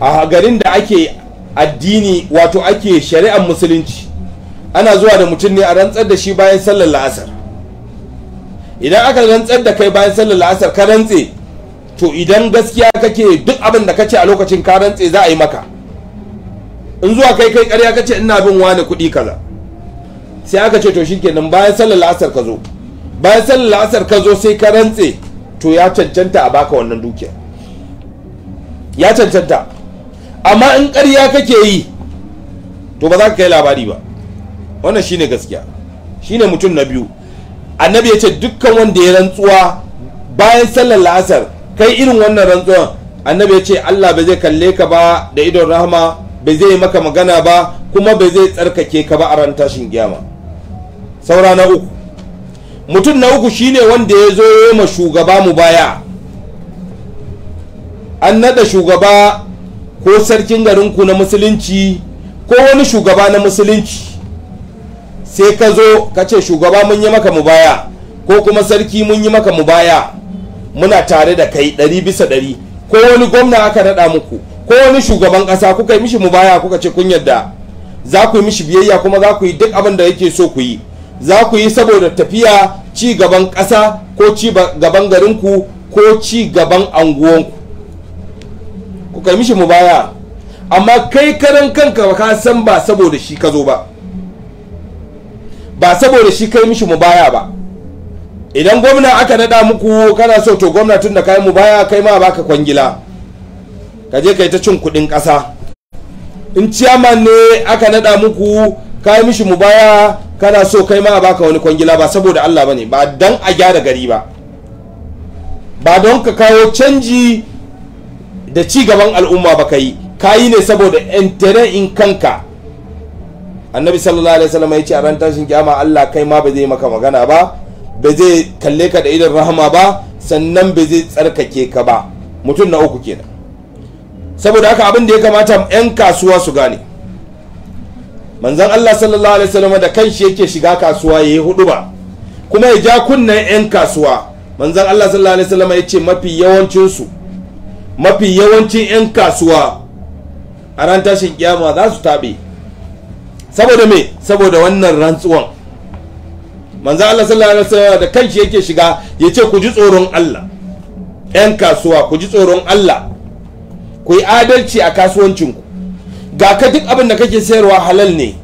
a garin da ake addini wato ake shari'ar musulunci ana zuwa da mutum ne a rantsar da shi bayan sallar la'asar idan aka rantsar da kai bayan sallar la'asar ka rantse to idan gaskiya kake duk abin da kace a lokacin ka rantse za a yi maka in zuwa kai kai karya kace ina bin wani kuɗi kaza sai aka ce to shikenan bayan sallar la'asar ka zo bayan sallar la'asar ka zo sai ka rantse to ya cancanta a baka wannan dukiya ya cancanta amma in ƙarya kake yi to ba za ka kai labari ba wannan shine gaskiya shine mutum na biyu annabi ya ce dukkan wanda ya rantsuwa bayan sallar la'asar kai irin wannan rantsuwan annabi ya ce allah ba zai kalle ka ba da idon rahama ba zai yi maka magana ba kuma ba zai tsarkake ka ba a ran tashin gyama saura na uku mutum na uku shine wanda ya zo ma shugaba mu baya an nada shugaba ko sarkin garinku na musulunci ko wani shugaba na musulunci sai ka zo ka ce shugaba mun yi maka mu baya ko kuma sarki mun yi maka mu baya muna tare da kai ɗari bisa ɗari ko wani gwamna aka naɗa muku ko wani shugaban ƙasa kuka yi mishi mu baya kuka ce kun yarda za ku yi mishi biyayya kuma za ku yi duk abin da yake so ku yi za ku yi saboda tafiya ci gaban ƙasa ko ci gaban garinku ko ci gaban anguwanku ku kai mishi mu baya amma kai karan kanka ka san ba saboda shi ka zo ba ba saboda shi kai mishi mu baya ba idan gwamna aka naɗa muku kana so to gwamna tun da kai mu baya kai ma baka kwangila ka je kai ta cin kuɗin ƙasa in ciyaman ne aka naɗa muku kai mishi mu baya kana so kai ma a baka wani kwangila ba saboda Allah bane ba dan a gyara gari ba ba don ka kawo canji da ci gaban al'umma ba ka yi ka yi ne saboda in kanka annabi sallallahu alaihi wasallam ya ce a ran tashin kiyama Allah kai ma ba zai maka magana ba ba zai kalle ka da idan rahama ba sannan ba zai tsarkake ka ba mutum na uku kenan saboda haka abin da ya kamata 'yan kasuwa su gane manzon Allah sallallahu alaihi wasallam da kanshi yake shiga kasuwa yayi ba kuma ya ja kunnen yan kasuwa manzon Allah sallallahu alaihi wasallam ya ce mafi yawancin su mafi yawancin yan kasuwa a ran tashin kiyama za su tabe saboda me saboda wannan rantsuwan manzon Allah sallallahu alaihi wasallam da kanshi yake shiga ya ce ku ji tsoron Allah yan kasuwa ku ji tsoron Allah ku yi adalci a kasuwancinku ga ka duk abin da kake sayarwa halal ne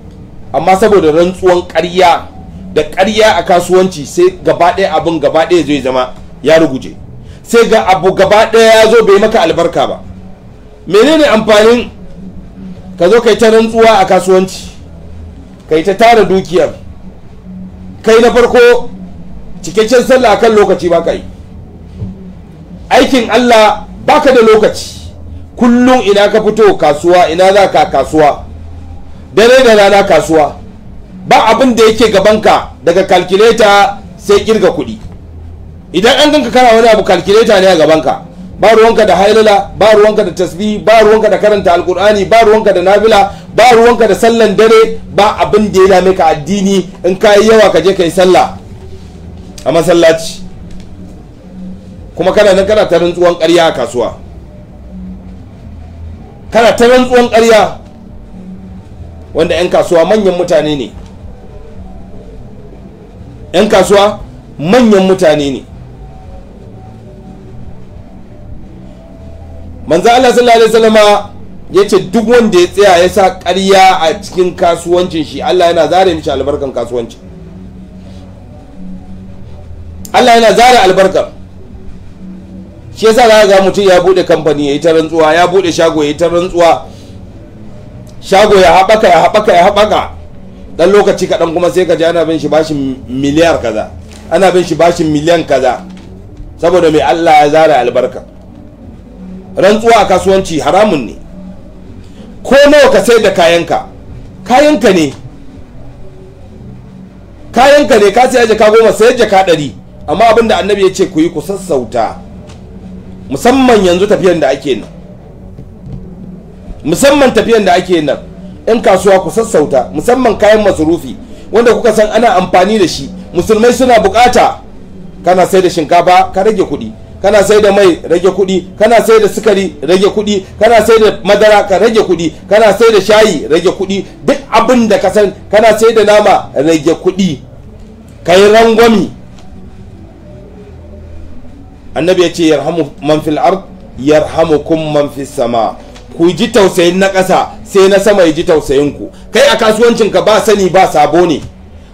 amma saboda rantsuwan ƙarya da ƙarya a kasuwanci sai gaba ɗaya abin gaba ɗaya zai zama ya ruguje sai ga abu gaba ɗaya ya zo bai maka albarka ba menene amfanin ka zo kai ta rantsuwa a kasuwanci kai ta tara dukiyar kai na farko cikakken sallah kan lokaci ba ka yi aikin allah baka da lokaci kullum ina ka fito kasuwa ina za ka kasuwa dare da rana kasuwa ba abin da yake gabanka daga kalkuleta sai kirga kuɗi idan an ganka kana wani abu kalkuleta ne a gabanka ba ruwanka da hailala ba ruwanka da tasbi ba ruwanka da karanta alkur'ani ba ruwanka da nabila ba ruwanka da sallan dare ba abin da ya dame ka addini in ka yi yawa ka je ka yi sallah a masallaci kuma kana nan kana ta rantsuwan ƙarya a kasuwa kana ta rantsuwan ƙarya wanda 'yan kasuwa manyan mutane ne 'yan kasuwa manyan mutane ne manzo Allah sallallahu alaihi ya ce duk wanda ya tsaya ya sa ƙarya a cikin kasuwancin shi Allah yana zare mishi albarkan kasuwanci Allah yana zare albarkar shi yasa za ga mutum ya bude kamfani ya yi ta rantsuwa ya bude shago ya yi ta rantsuwa shago ya haɓaka ya haɓaka ya haɓaka dan lokaci kaɗan kuma sai ka ji ana bin shi bashin miliyar kaza ana bin shi bashin miliyan kaza saboda mai Allah ya zara albarka rantsuwa a kasuwanci haramun ne ko nawa ka sai da kayanka kayanka ne kayanka ne ka sai jaka goma sai jaka ɗari amma abin da annabi ya ce ku yi ku sassauta musamman yanzu tafiyan da ake nan musamman tafiyan da ake nan yan kasuwa ku sassauta musamman kayan masarufi wanda kuka san ana amfani da shi musulmai suna bukata kana sai da shinkafa ka rage kuɗi kana sai da mai rage kuɗi kana sai da sukari rage kuɗi kana sai da madara ka rage kuɗi kana sai da shayi rage kuɗi duk abin da ka san kana sai da nama rage kuɗi ka yi rangwami annabi ya ce yarhamu man fil ard yarhamukum man fis sama ku ji tausayin na ƙasa sai na sama ya ji tausayin ku kai a kasuwancin ka ba sani ba sabo ne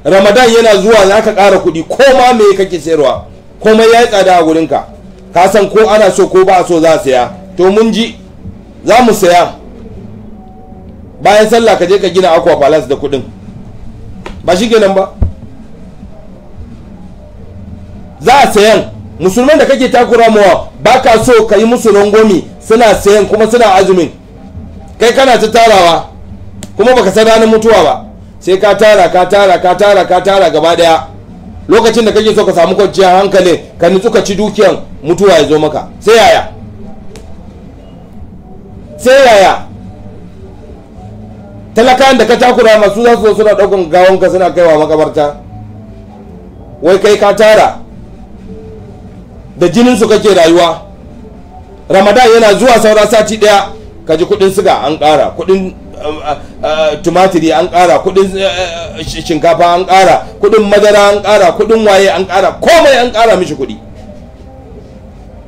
ramadan yana zuwa za ka ƙara kuɗi ko ma me kake sayarwa komai ya yi tsada a gurin ka ka san ko ana so ko ba so za a saya to mun ji za mu saya bayan sallah ka je ka gina aqua palace da kuɗin ba shi kenan ba za a sayan musulman da kake takura mawa ba ka so ka yi musu rangomi suna sayan kuma suna azumin kai kana ta tarawa kuma baka san ranar mutuwa ba sai ka tara ka tara ka tara ka tara gaba daya lokacin da kake so ka samu kwanciyar hankali ka nutsu ka ci dukiyan mutuwa ya zo maka sai yaya sai yaya talakan da ka takura masu za su suna daukan gawanka suna kaiwa makabarta wai kai ka tara da jinin su kake rayuwa ramadan yana zuwa saura sati daya kaji ji kudin siga an kara kudin eh, eh, tumatiri an kara kudin eh, shinkafa an kara kudin madara an kara kudin waye an kara komai an kara mishi kudi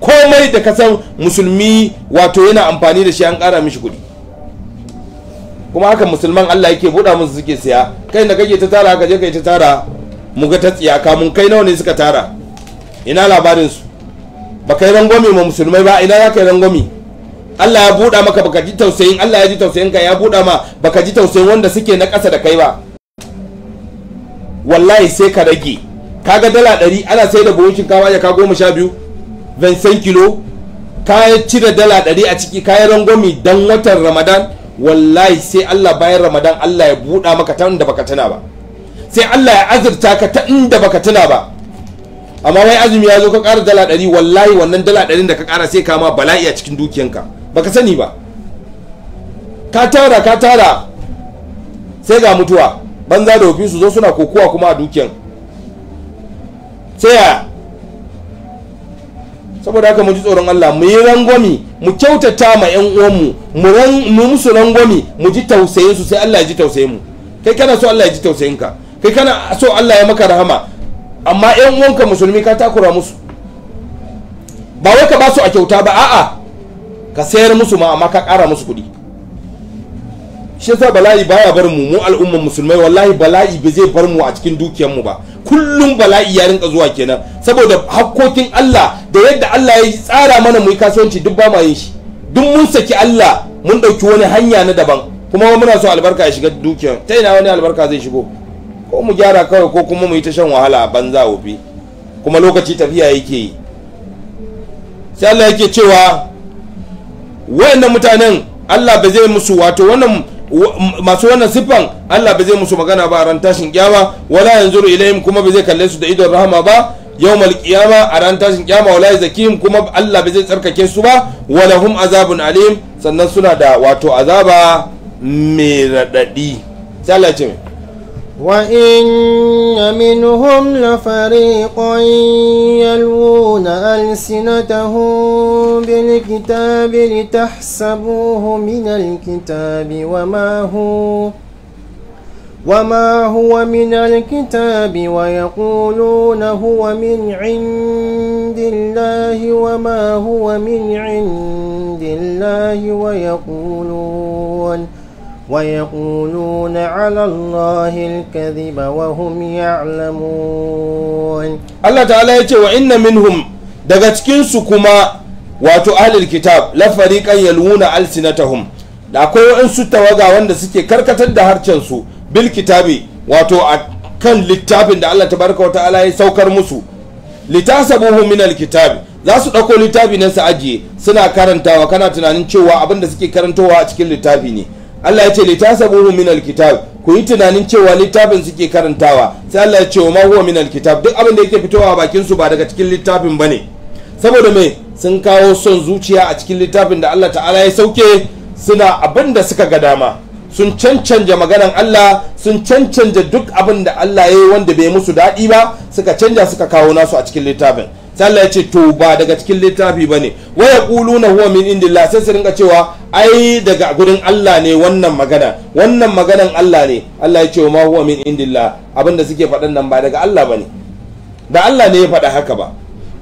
komai da kasan musulmi wato yana amfani da shi an kara mishi kudi kuma haka musulman Allah yake buɗa musu suke siya kai da kake ta tara ka je kai ta tara mu ga ta tsiyaka mun kai nawa ne suka tara ina labarin su baka yi rangwami ma musulmai ba ina za ka yi rangwame Allah ya buɗa maka baka ji tausayin Allah ya ji tausayin ka ya buɗa ma baka ji tausayin wanda suke na ƙasa da kai ba wallahi sai ka rage kaga dala ɗari ana sai da buhun shinkafa ya ka goma sha biyu vincent kilo ka cire dala ɗari a ciki ka yi rangwami don watan ramadan wallahi sai Allah bayan ramadan Allah ya buɗa maka ta inda baka tuna ba sai Allah ya azurta ka ta inda baka tuna ba amma wai azumi ya zo ka kara dala ɗari wallahi wannan dala ɗarin da ka kara sai kama bala'i a cikin dukiyanka ba ka sani ba ka tara ka tara sai ga mutuwa banza da ofisu zo suna kokowa kuma a dukiyan sai ya saboda haka mu ji tsoron Allah mu yi rangwami mu kyautata ma yan uwanmu mu musu rangwami mu ji tausayin su sai Allah ya ji tausayin mu kai kana so Allah ya ji tausayin ka kai kana so Allah ya maka rahama amma yan uwanka musulmi ka takura musu ba wai ka ba su a kyauta ba a'a ka sayar musu ma amma ka kara musu kuɗi shi yasa bala'i baya bar mu mu al'umman musulmai wallahi bala'i ba zai bar mu a cikin dukiyar mu ba kullum bala'i ya rinka zuwa kenan saboda hakkokin Allah da yadda Allah ya tsara mana mu yi kasuwanci duk ba ma yin shi duk mun saki Allah mun ɗauki wani hanya na daban kuma muna so albarka ya shiga dukiyar ta ina wani albarka zai shigo ko mu gyara kawai ko kuma mu yi ta shan wahala a banza wofi kuma lokaci tafiya yake yi sai Allah yake cewa wayannan mutanen Allah ba zai musu wato wannan masu wannan siffan Allah ba zai musu magana ba ran tashin kiyama wala yanzuru ilaihim kuma ba zai kalle su da idon rahama ba yawmal qiyama a ran tashin kiyama wala zakihim kuma Allah ba zai tsarkake su ba wala hum azabun alim sannan suna da wato azaba mai radadi sai Allah ya ce وإن منهم لفريقا يلوون ألسنتهم بالكتاب لتحسبوه من الكتاب وما هو وما هو من الكتاب ويقولون هو من عند الله وما هو من عند الله ويقولون ويقولون على الله الكذب وهم يعلمون الله تعالى يقول وإن منهم دغتكين سكما واتو أهل الكتاب لفريقا يلوون ألسنتهم da akwai waɗansu tawaga wanda suke karkatar da harcensu bil kitabi wato a kan littafin da Allah tabaraka wa ta'ala ya saukar musu litasabuhu min alkitabi za su ɗauko littafi nan su ajiye suna karantawa kana tunanin cewa abin da suke karantowa a cikin littafi ne Allah ya ce tasabuhu min alkitab ku yi tunanin cewa littafin suke karantawa sai Allah ya ce wa ma huwa min alkitab duk abin da yake fitowa a bakin su ba daga cikin littafin bane saboda me sun kawo son zuciya a cikin littafin da Allah ta'ala ya sauke suna abin da suka ga dama sun cancanja maganan Allah sun cancanja duk abin da Allah ya yi wanda bai musu daɗi ba suka canja suka kawo nasu a cikin littafin Allah ya ce to ba daga cikin littafi bane wa na huwa min indillah sai su rinka cewa ai daga gurin Allah ne wannan magana wannan maganan Allah ne Allah ya ce ma huwa min indillah abinda suke faɗan nan ba daga Allah bane da Allah ne ya faɗa haka ba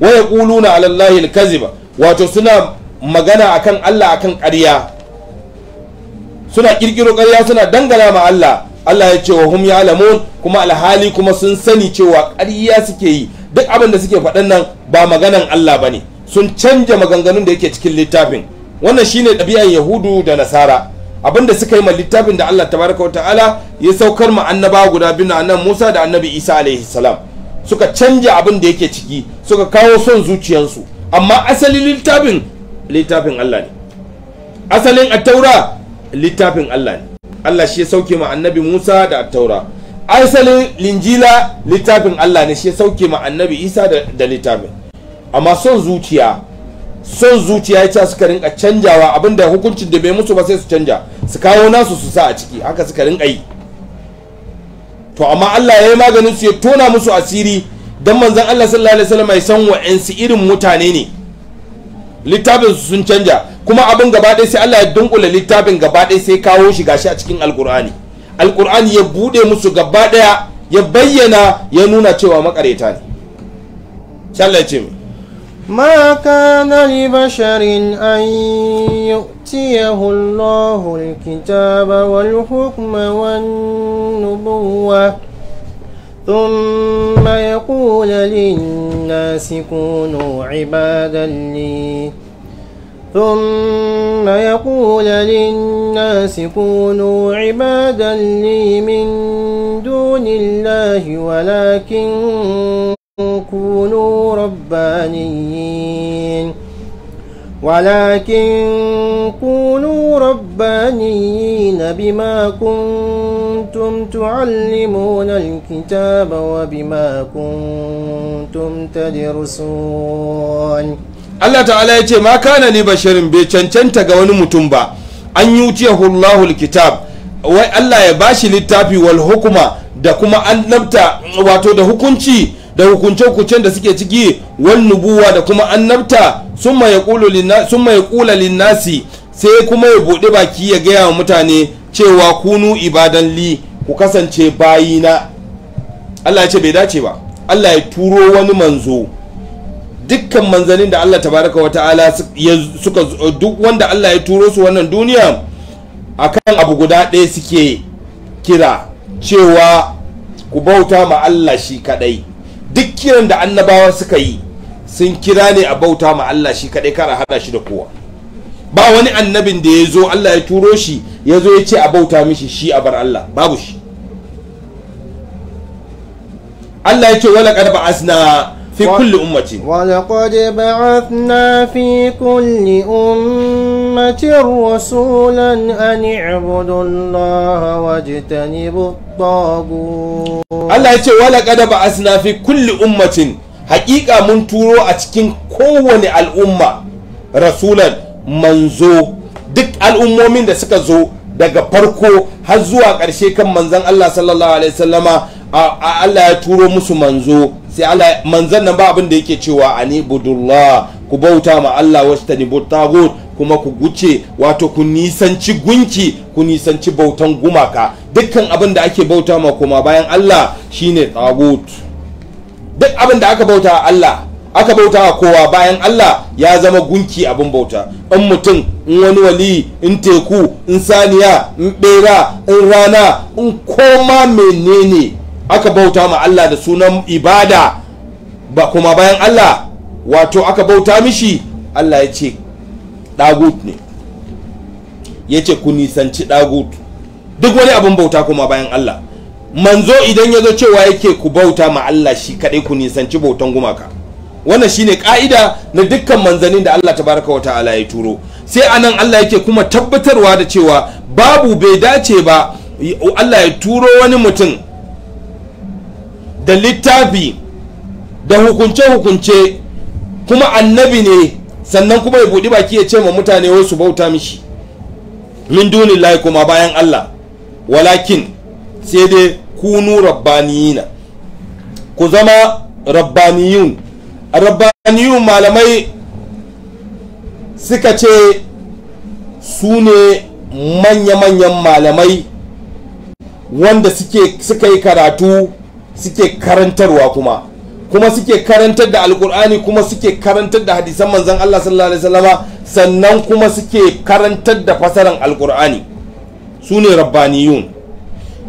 waya yaquluna ala allahi alkaziba wato suna magana akan Allah akan ƙarya suna kirkiro ƙarya suna dangana ma Allah Allah ya ce wa hum ya'lamun kuma alhali kuma sun sani cewa ƙarya suke yi duk abin da suke faɗin nan ba maganan Allah ba ne sun canja maganganun da yake cikin littafin wannan shine ɗabi'an yahudu da nasara abin da suka yi ma littafin da Allah tabaraka wa ta'ala ya saukar ma annaba guda biyu nan Musa da annabi Isa alaihi salam suka canja abin da yake ciki suka kawo son zuciyarsu. amma asalin littafin littafin Allah ne asalin attaura littafin Allah ne Allah shi ya sauke ma annabi Musa da attaura asalin linjila littafin Allah ne shi sauke ma annabi isa da littafin amma son zuciya son zuciya ya ce suka rinka canjawa abinda hukuncin da bai musu ba sai su canja su kawo nasu su sa a ciki haka suka rinka yi to amma Allah ya yi maganin su ya tona musu asiri dan manzon Allah sallallahu alaihi wasallam mai san wa'ansu irin mutane ne littafin su sun canja kuma abin gaba sai Allah ya dunkule littafin gaba ɗaya sai kawo shi gashi a cikin alkur'ani alkur'ani ya bude musu gaba daya ya bayyana ya nuna cewa makareta ne sallai ce mu ma ka na yi ba sharin an yi ti ya hulo hulki hukuma wani buwa tun ma ya kula lina sikunu ibadan ni ثم يقول للناس كونوا عبادا لي من دون الله ولكن كونوا ربانيين ولكن كونوا ربانيين بما كنتم تعلمون الكتاب وبما كنتم تدرسون Allah ta'ala ya ce ma kana ni basharin bai cancanta ga wani mutum ba an yi Allahul kitab wai Allah ya bashi littafi wal hukuma da kuma annabta wato da hukunci da hukunce-hukuncen da suke ciki wal nubuwa da kuma annabta summa sun linnas kula linnasi sai kuma ya buɗe baki ya gaya wa mutane cewa kunu ibadan li ku kasance bayina Allah ya ce bai dace ba Allah ya turo wani manzo dukkan manzanin da Allah tabaraka wa ta'ala suka duk wanda Allah ya turo su wannan duniya akan abu guda ɗaya suke kira cewa ku bauta ma Allah shi kadai duk kiran da annabawa suka yi sun kira ne a bauta ma Allah shi kadai kara hada shi da kowa ba wani annabin da ya zo Allah ya turo shi ya zo ya ce a bauta mishi shi a bar Allah babu shi Allah ya ce wala karba asna في و... كل أمة ولقد بعثنا في كل أمة رسولا أن اعبدوا الله واجتنبوا الطاغوت الله يقول ولقد بعثنا في كل أمة حقيقة من تورو أتكين كون الأمة رسولا منزو دك al'ummomin da suka zo daga farko har zuwa ƙarshe kan manzon Allah sallallahu alaihi wasallama Allah ya turo musu manzo sai Allah manzon nan ba abin da yake cewa ani budullah ku bauta ma Allah wasu ta tagut kuma ku guce wato ku nisanci gunki ku nisanci bautan gumaka dukkan abin da ake bauta ma kuma bayan Allah shine tagut duk abin da aka bauta a Allah aka bauta a kowa bayan Allah ya zama gunki abin bauta in mutum in wani wali in teku in saniya in bera in rana in koma menene aka bauta ma Allah da sunan ibada ba kuma bayan Allah wato aka bauta mishi Allah ya ce dagut ne ya ce ku nisanci dagut duk wani abin bauta kuma bayan Allah manzo idan ya zo cewa yake ku bauta ma Allah shi kadai ku nisanci bautan gumaka wannan shine ka'ida na dukkan manzanin da Allah tabaraka wa ta'ala ya turo sai anan Allah yake kuma tabbatarwa da cewa babu bai dace ba Allah ya turo wani mutum da littafi da hukunce-hukunce kuma annabi ne sannan kuma ya buɗi baki ya ce ma mutane wasu bauta mishi min dunillahi kuma bayan Allah walakin sai dai kunu rabbaniyina ku zama rabbaniyun rabbaniyun malamai suka ce su ne manya-manyan malamai wanda suka yi karatu suke karantarwa kuma kuma suke karantar da alkur'ani kuma suke karantar da hadisan manzan Allah sallallahu alaihi wasallama sannan kuma suke karantar da fasaran alkur'ani su ne rabbaniyun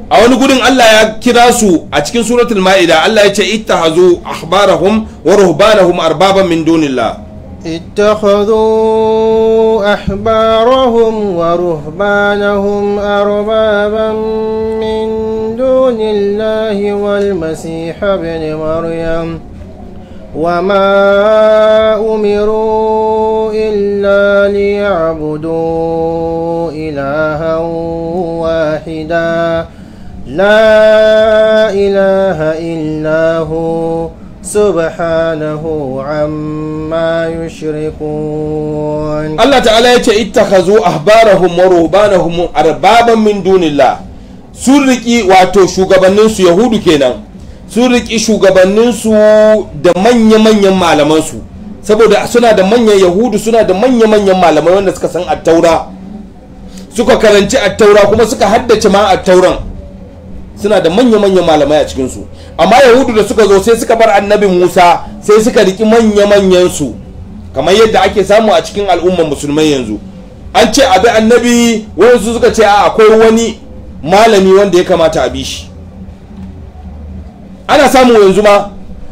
a wani gudun Allah ya kira su a cikin suratul ma'ida Allah ya ce ittahazu ahbarahum wa ruhbanahum arbaban min dunillah اتخذوا أحبارهم ورهبانهم أربابا من دون الله والمسيح ابن مريم وما أمروا إلا ليعبدوا إلها واحدا لا إله إلا هو subhanahu amma yushrikun Allah ta'ala yace ittakhazu ahbarahum wa ruhbanahum arbaban min dunillah sun riki wato shugabannin su yahudu kenan sun riki shugabannin su da manya-manyan malaman su saboda suna da manyan yahudu suna da manya-manyan malamai wanda suka san attaura suka karanci attaura kuma suka haddace ma attauran suna da manya-manyan malamai a cikinsu amma yahudu da suka zo sai suka bar annabi musa sai suka riki manya-manyan kamar yadda ake samu a cikin al'umman musulmai yanzu an ce bi annabi wasu suka ce a akwai wani malami wanda ya kamata a bi shi ana samu yanzu ma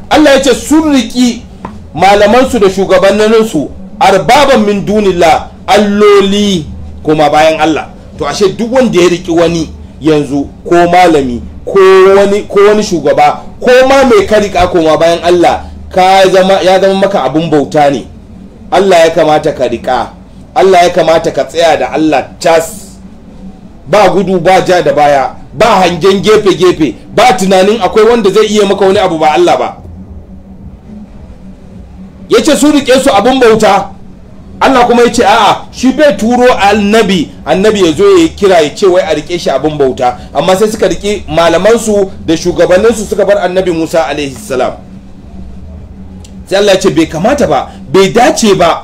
allah ya ce sun riki malamansu da shugabanninsu arbaban min dunillah alloli kuma bayan allah to ashe duk wanda ya riki wani yanzu ko malami ko wani shugaba ko ma mai karika koma bayan Allah ka ya zama maka abun bauta ne Allah ya kamata ka rika Allah ya kamata ka tsaya da Allah cas ba gudu ba ja da baya ba hangen gefe gefe ba tunanin akwai wanda zai iya maka wani abu ba Allah ba yace su rike su abun bauta Allah kuma ya ce a'a shi bai turo annabi annabi ya zo ya kira ya ce wai a rike shi abin bauta amma sai suka rike malamansu da shugabanninsu suka bar annabi Musa alaihi salam sai Allah ya ce bai kamata ba bai dace ba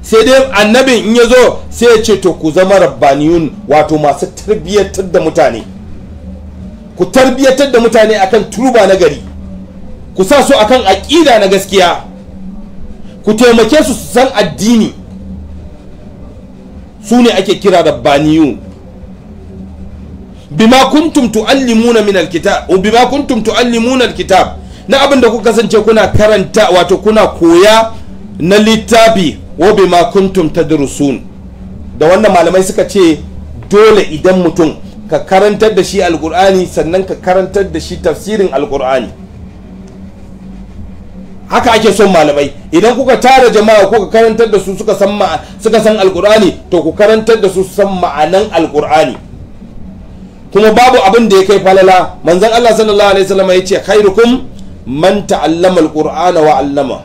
sai dai annabin in ya zo sai ya ce to ku zama rabbaniyun wato masu tarbiyyatar da mutane ku tarbiyyatar da mutane akan turuba na gari ku sa su akan aƙida na gaskiya ku taimake su san addini su ne ake kira baniyu bima kuntum tuallimuna min alkitab bima kuntum tuallimuna alkitab na abin da kuka kasance kuna karanta wato kuna koya na littafi wa bima kuntum tadrusun da wannan malamai suka ce dole idan mutum ka karantar da shi alkur'ani sannan ka karantar da shi tafsirin alkur'ani haka ake son malamai idan kuka tara jama'a kuka karantar da su suka san suka san alqur'ani to ku karantar da su su san ma'anan alqur'ani kuma babu abin da ya kai falala manzon Allah sallallahu alaihi wasallam ya ce khairukum man ta'allama alqur'ana wa 'allama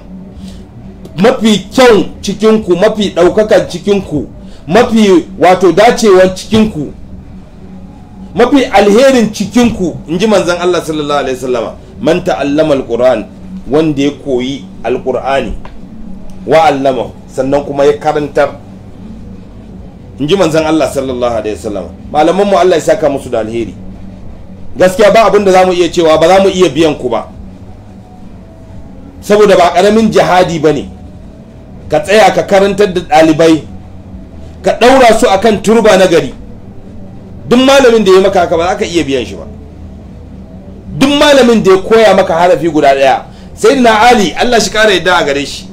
mafi kyau cikin ku mafi daukakan cikin ku mafi wato dacewan cikin ku mafi alherin cikin ku inji manzon Allah sallallahu alaihi wasallam man ta'allama alqur'ana wanda ya koyi alkur'ani wa allama sannan kuma ya karantar in ji manzan Allah sallallahu alaihi wasallam malaman mu Allah ya saka musu da alheri gaskiya ba abin da za mu iya cewa ba za mu iya biyan ku ba saboda ba karamin jihadi ba ne ka tsaya ka karantar da ɗalibai ka ɗaura su akan turba na gari duk malamin da ya maka haka ba za ka iya biyan shi ba duk malamin da ya koya maka harafi guda ɗaya sai na ali Allah shi kara yadda a gare shi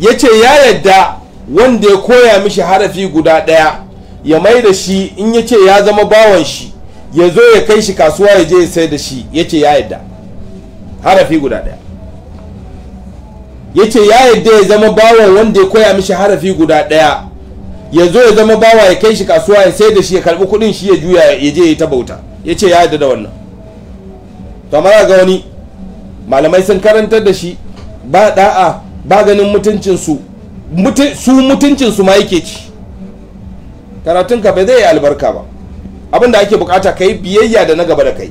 yace ya yadda wanda ya koya mishi harafi guda daya ya mai da shi in yace ya zama bawan shi ya zo ya kai shi kasuwa ya je ya sai da shi yace ya yadda harafi guda daya yace ya yadda ya zama bawan wanda ya koya mishi harafi guda daya ya zo ya zama bawa ya kai shi kasuwa ya sai da shi ya karbi kudin shi ya juya ya je ya yi ta bauta yace ya yadda da wannan to ga wani malamai sun karantar da shi ba da'a ba ganin mutuncinsu su mutuncinsu ma yake ci karatunka bai zai yi albarka ba abin da ake bukata ka yi biyayya da na gaba da kai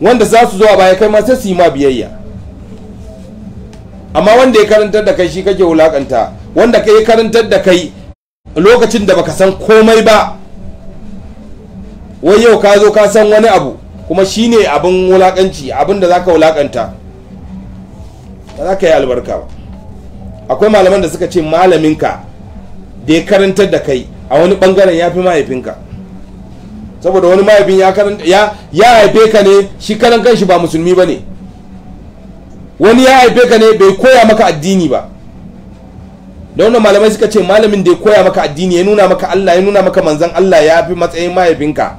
wanda za su a baya kai ma sai su yi ma biyayya amma wanda ya karantar da kai shi kake wulakanta wanda ka yi karantar da kai lokacin da baka san komai ba wai yau ka zo ka san wani abu kuma shine abin wulakanci abin da zaka wulakanta ba za ka yi albarka ba akwai malaman da suka ce malaminka da ya karantar da kai a wani bangaren ya fi mahaifinka saboda wani mahaifin ya haife ka ne shi karan kanshi ba musulmi ba ne wani ya haife ka ne bai koya maka addini ba da wannan malamai suka ce malamin da ya koya maka addini ya nuna maka Allah ya nuna maka manzan Allah ya fi matsayin mahaifinka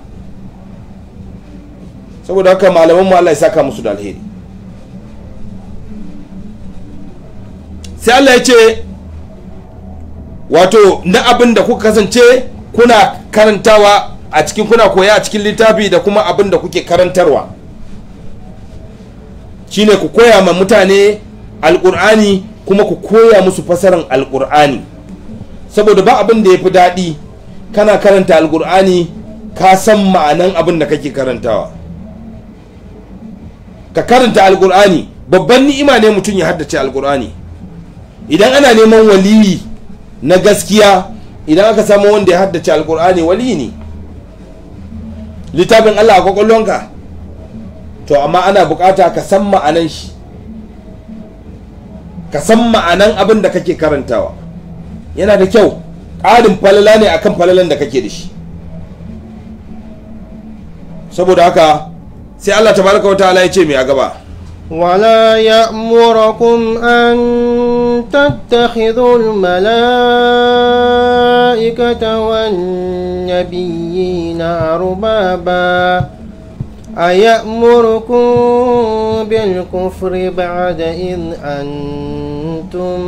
saboda haka malaman mu Allah ya saka musu da alheri sai Allah ya ce wato na abin da kuka kasance kuna karantawa a cikin kuna koya a cikin littafi da kuma abin da kuke karantarwa shine ku koya ma mutane alkur'ani kuma ku koya musu fasaran alkur'ani saboda ba abin da ya fi daɗi kana karanta alkur'ani ka san ma'anan abin da kake karantawa ka karanta alkur'ani babban ni'ima ne mutum ya haddace alkur'ani idan ana neman waliyi na gaskiya idan aka samu wanda ya haddace alkur'ani waliyi ne littafin allah a kwakwallonka to amma ana bukata ka san ma'anan shi ka san ma'anan abin da kake karantawa yana da kyau ƙarin falala ne akan falalan da kake da shi saboda haka sai allah ta baraka wata ala ya ce mai a gaba wala ya'murakum an تتخذوا الملائكة والنبيين أربابا أيأمركم بالكفر بعد إذ أنتم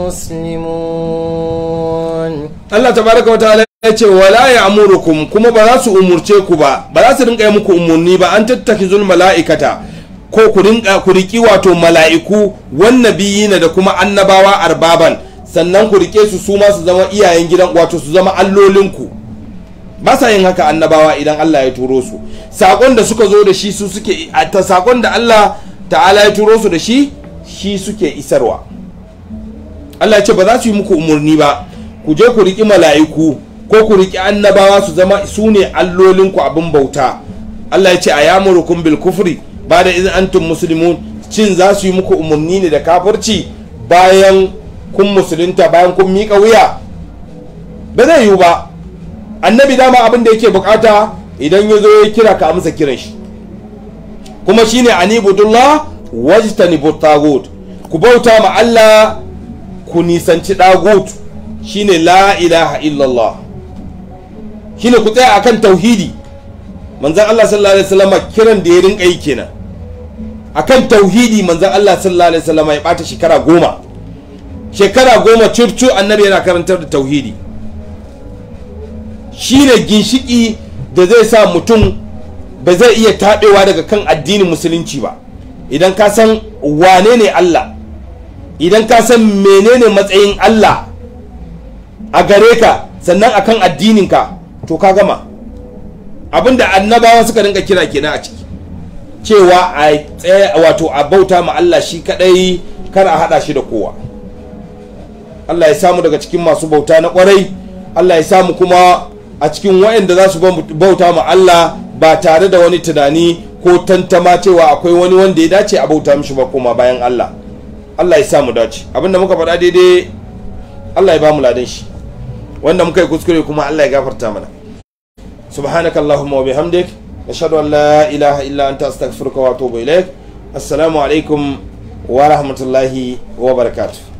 مسلمون الله تبارك وتعالى ya ce wala ya amurukum kuma ba za su umurce ku ba ba za su rinka yi muku umarni ba an tattaki zulmala'ikata laikata. ko ku rinka ku riki wato mala'iku wannabiyina da kuma annabawa arbaban sannan ku rike su su su zama iyayen gidan wato su zama allolinku ba sa yin haka annabawa idan Allah ya turo su sakon da suka zo da shi su suke ta sakon da Allah ta'ala ya turo su da shi shi suke isarwa Allah ya ce ba za su yi muku umarni ba ku je ku riki mala'iku ko ku riki annabawa su zama su ne allolinku abin bauta Allah ya ce a yamurukum bil kufri ba da izin antum muslimun cin za su yi muku umarni ne da kafirci bayan kun musulunta bayan kun miƙa wuya ba zai yiwu ba annabi dama abin da yake bukata idan ya zo ya kira ka amsa kiran shi kuma shine anibudullah wajtanibu tagut ku bauta ma Allah ku nisanci dagut shine la ilaha illallah shine ku tsaya akan tauhidi manzan Allah sallallahu alaihi wasallam kiran da ya rinka yi kenan akan tauhidi manzon Allah sallallahu alaihi wasallam ya bata shekara goma shekara goma curcu annabi yana karantar da tauhidi shine ginshiki da zai sa mutum ba zai iya taɓewa daga kan addinin musulunci ba idan ka san wane ne Allah idan ka san menene matsayin Allah a gare ka sannan akan ka to ka gama abinda annabawa suka dinka kira kenan a ciki cewa a wato a bauta ma Allah shi kadai kar a hada shi da kowa Allah ya samu daga cikin masu bauta na kwarai Allah ya samu kuma a cikin waɗanda za su bauta ma Allah ba tare da wani tunani ko tantama cewa akwai wani wanda ya dace a bauta mishi ba koma bayan Allah Allah ya samu dace abinda muka faɗa daidai Allah ya ba mu ladan shi wanda muka yi kuskure kuma Allah ya gafarta mana subhanakallahumma wa bihamdika ashadu an la ilaha illa an ta astagfirka wato bai laik assalamu alaikum wa rahmatullahi wa barakatuh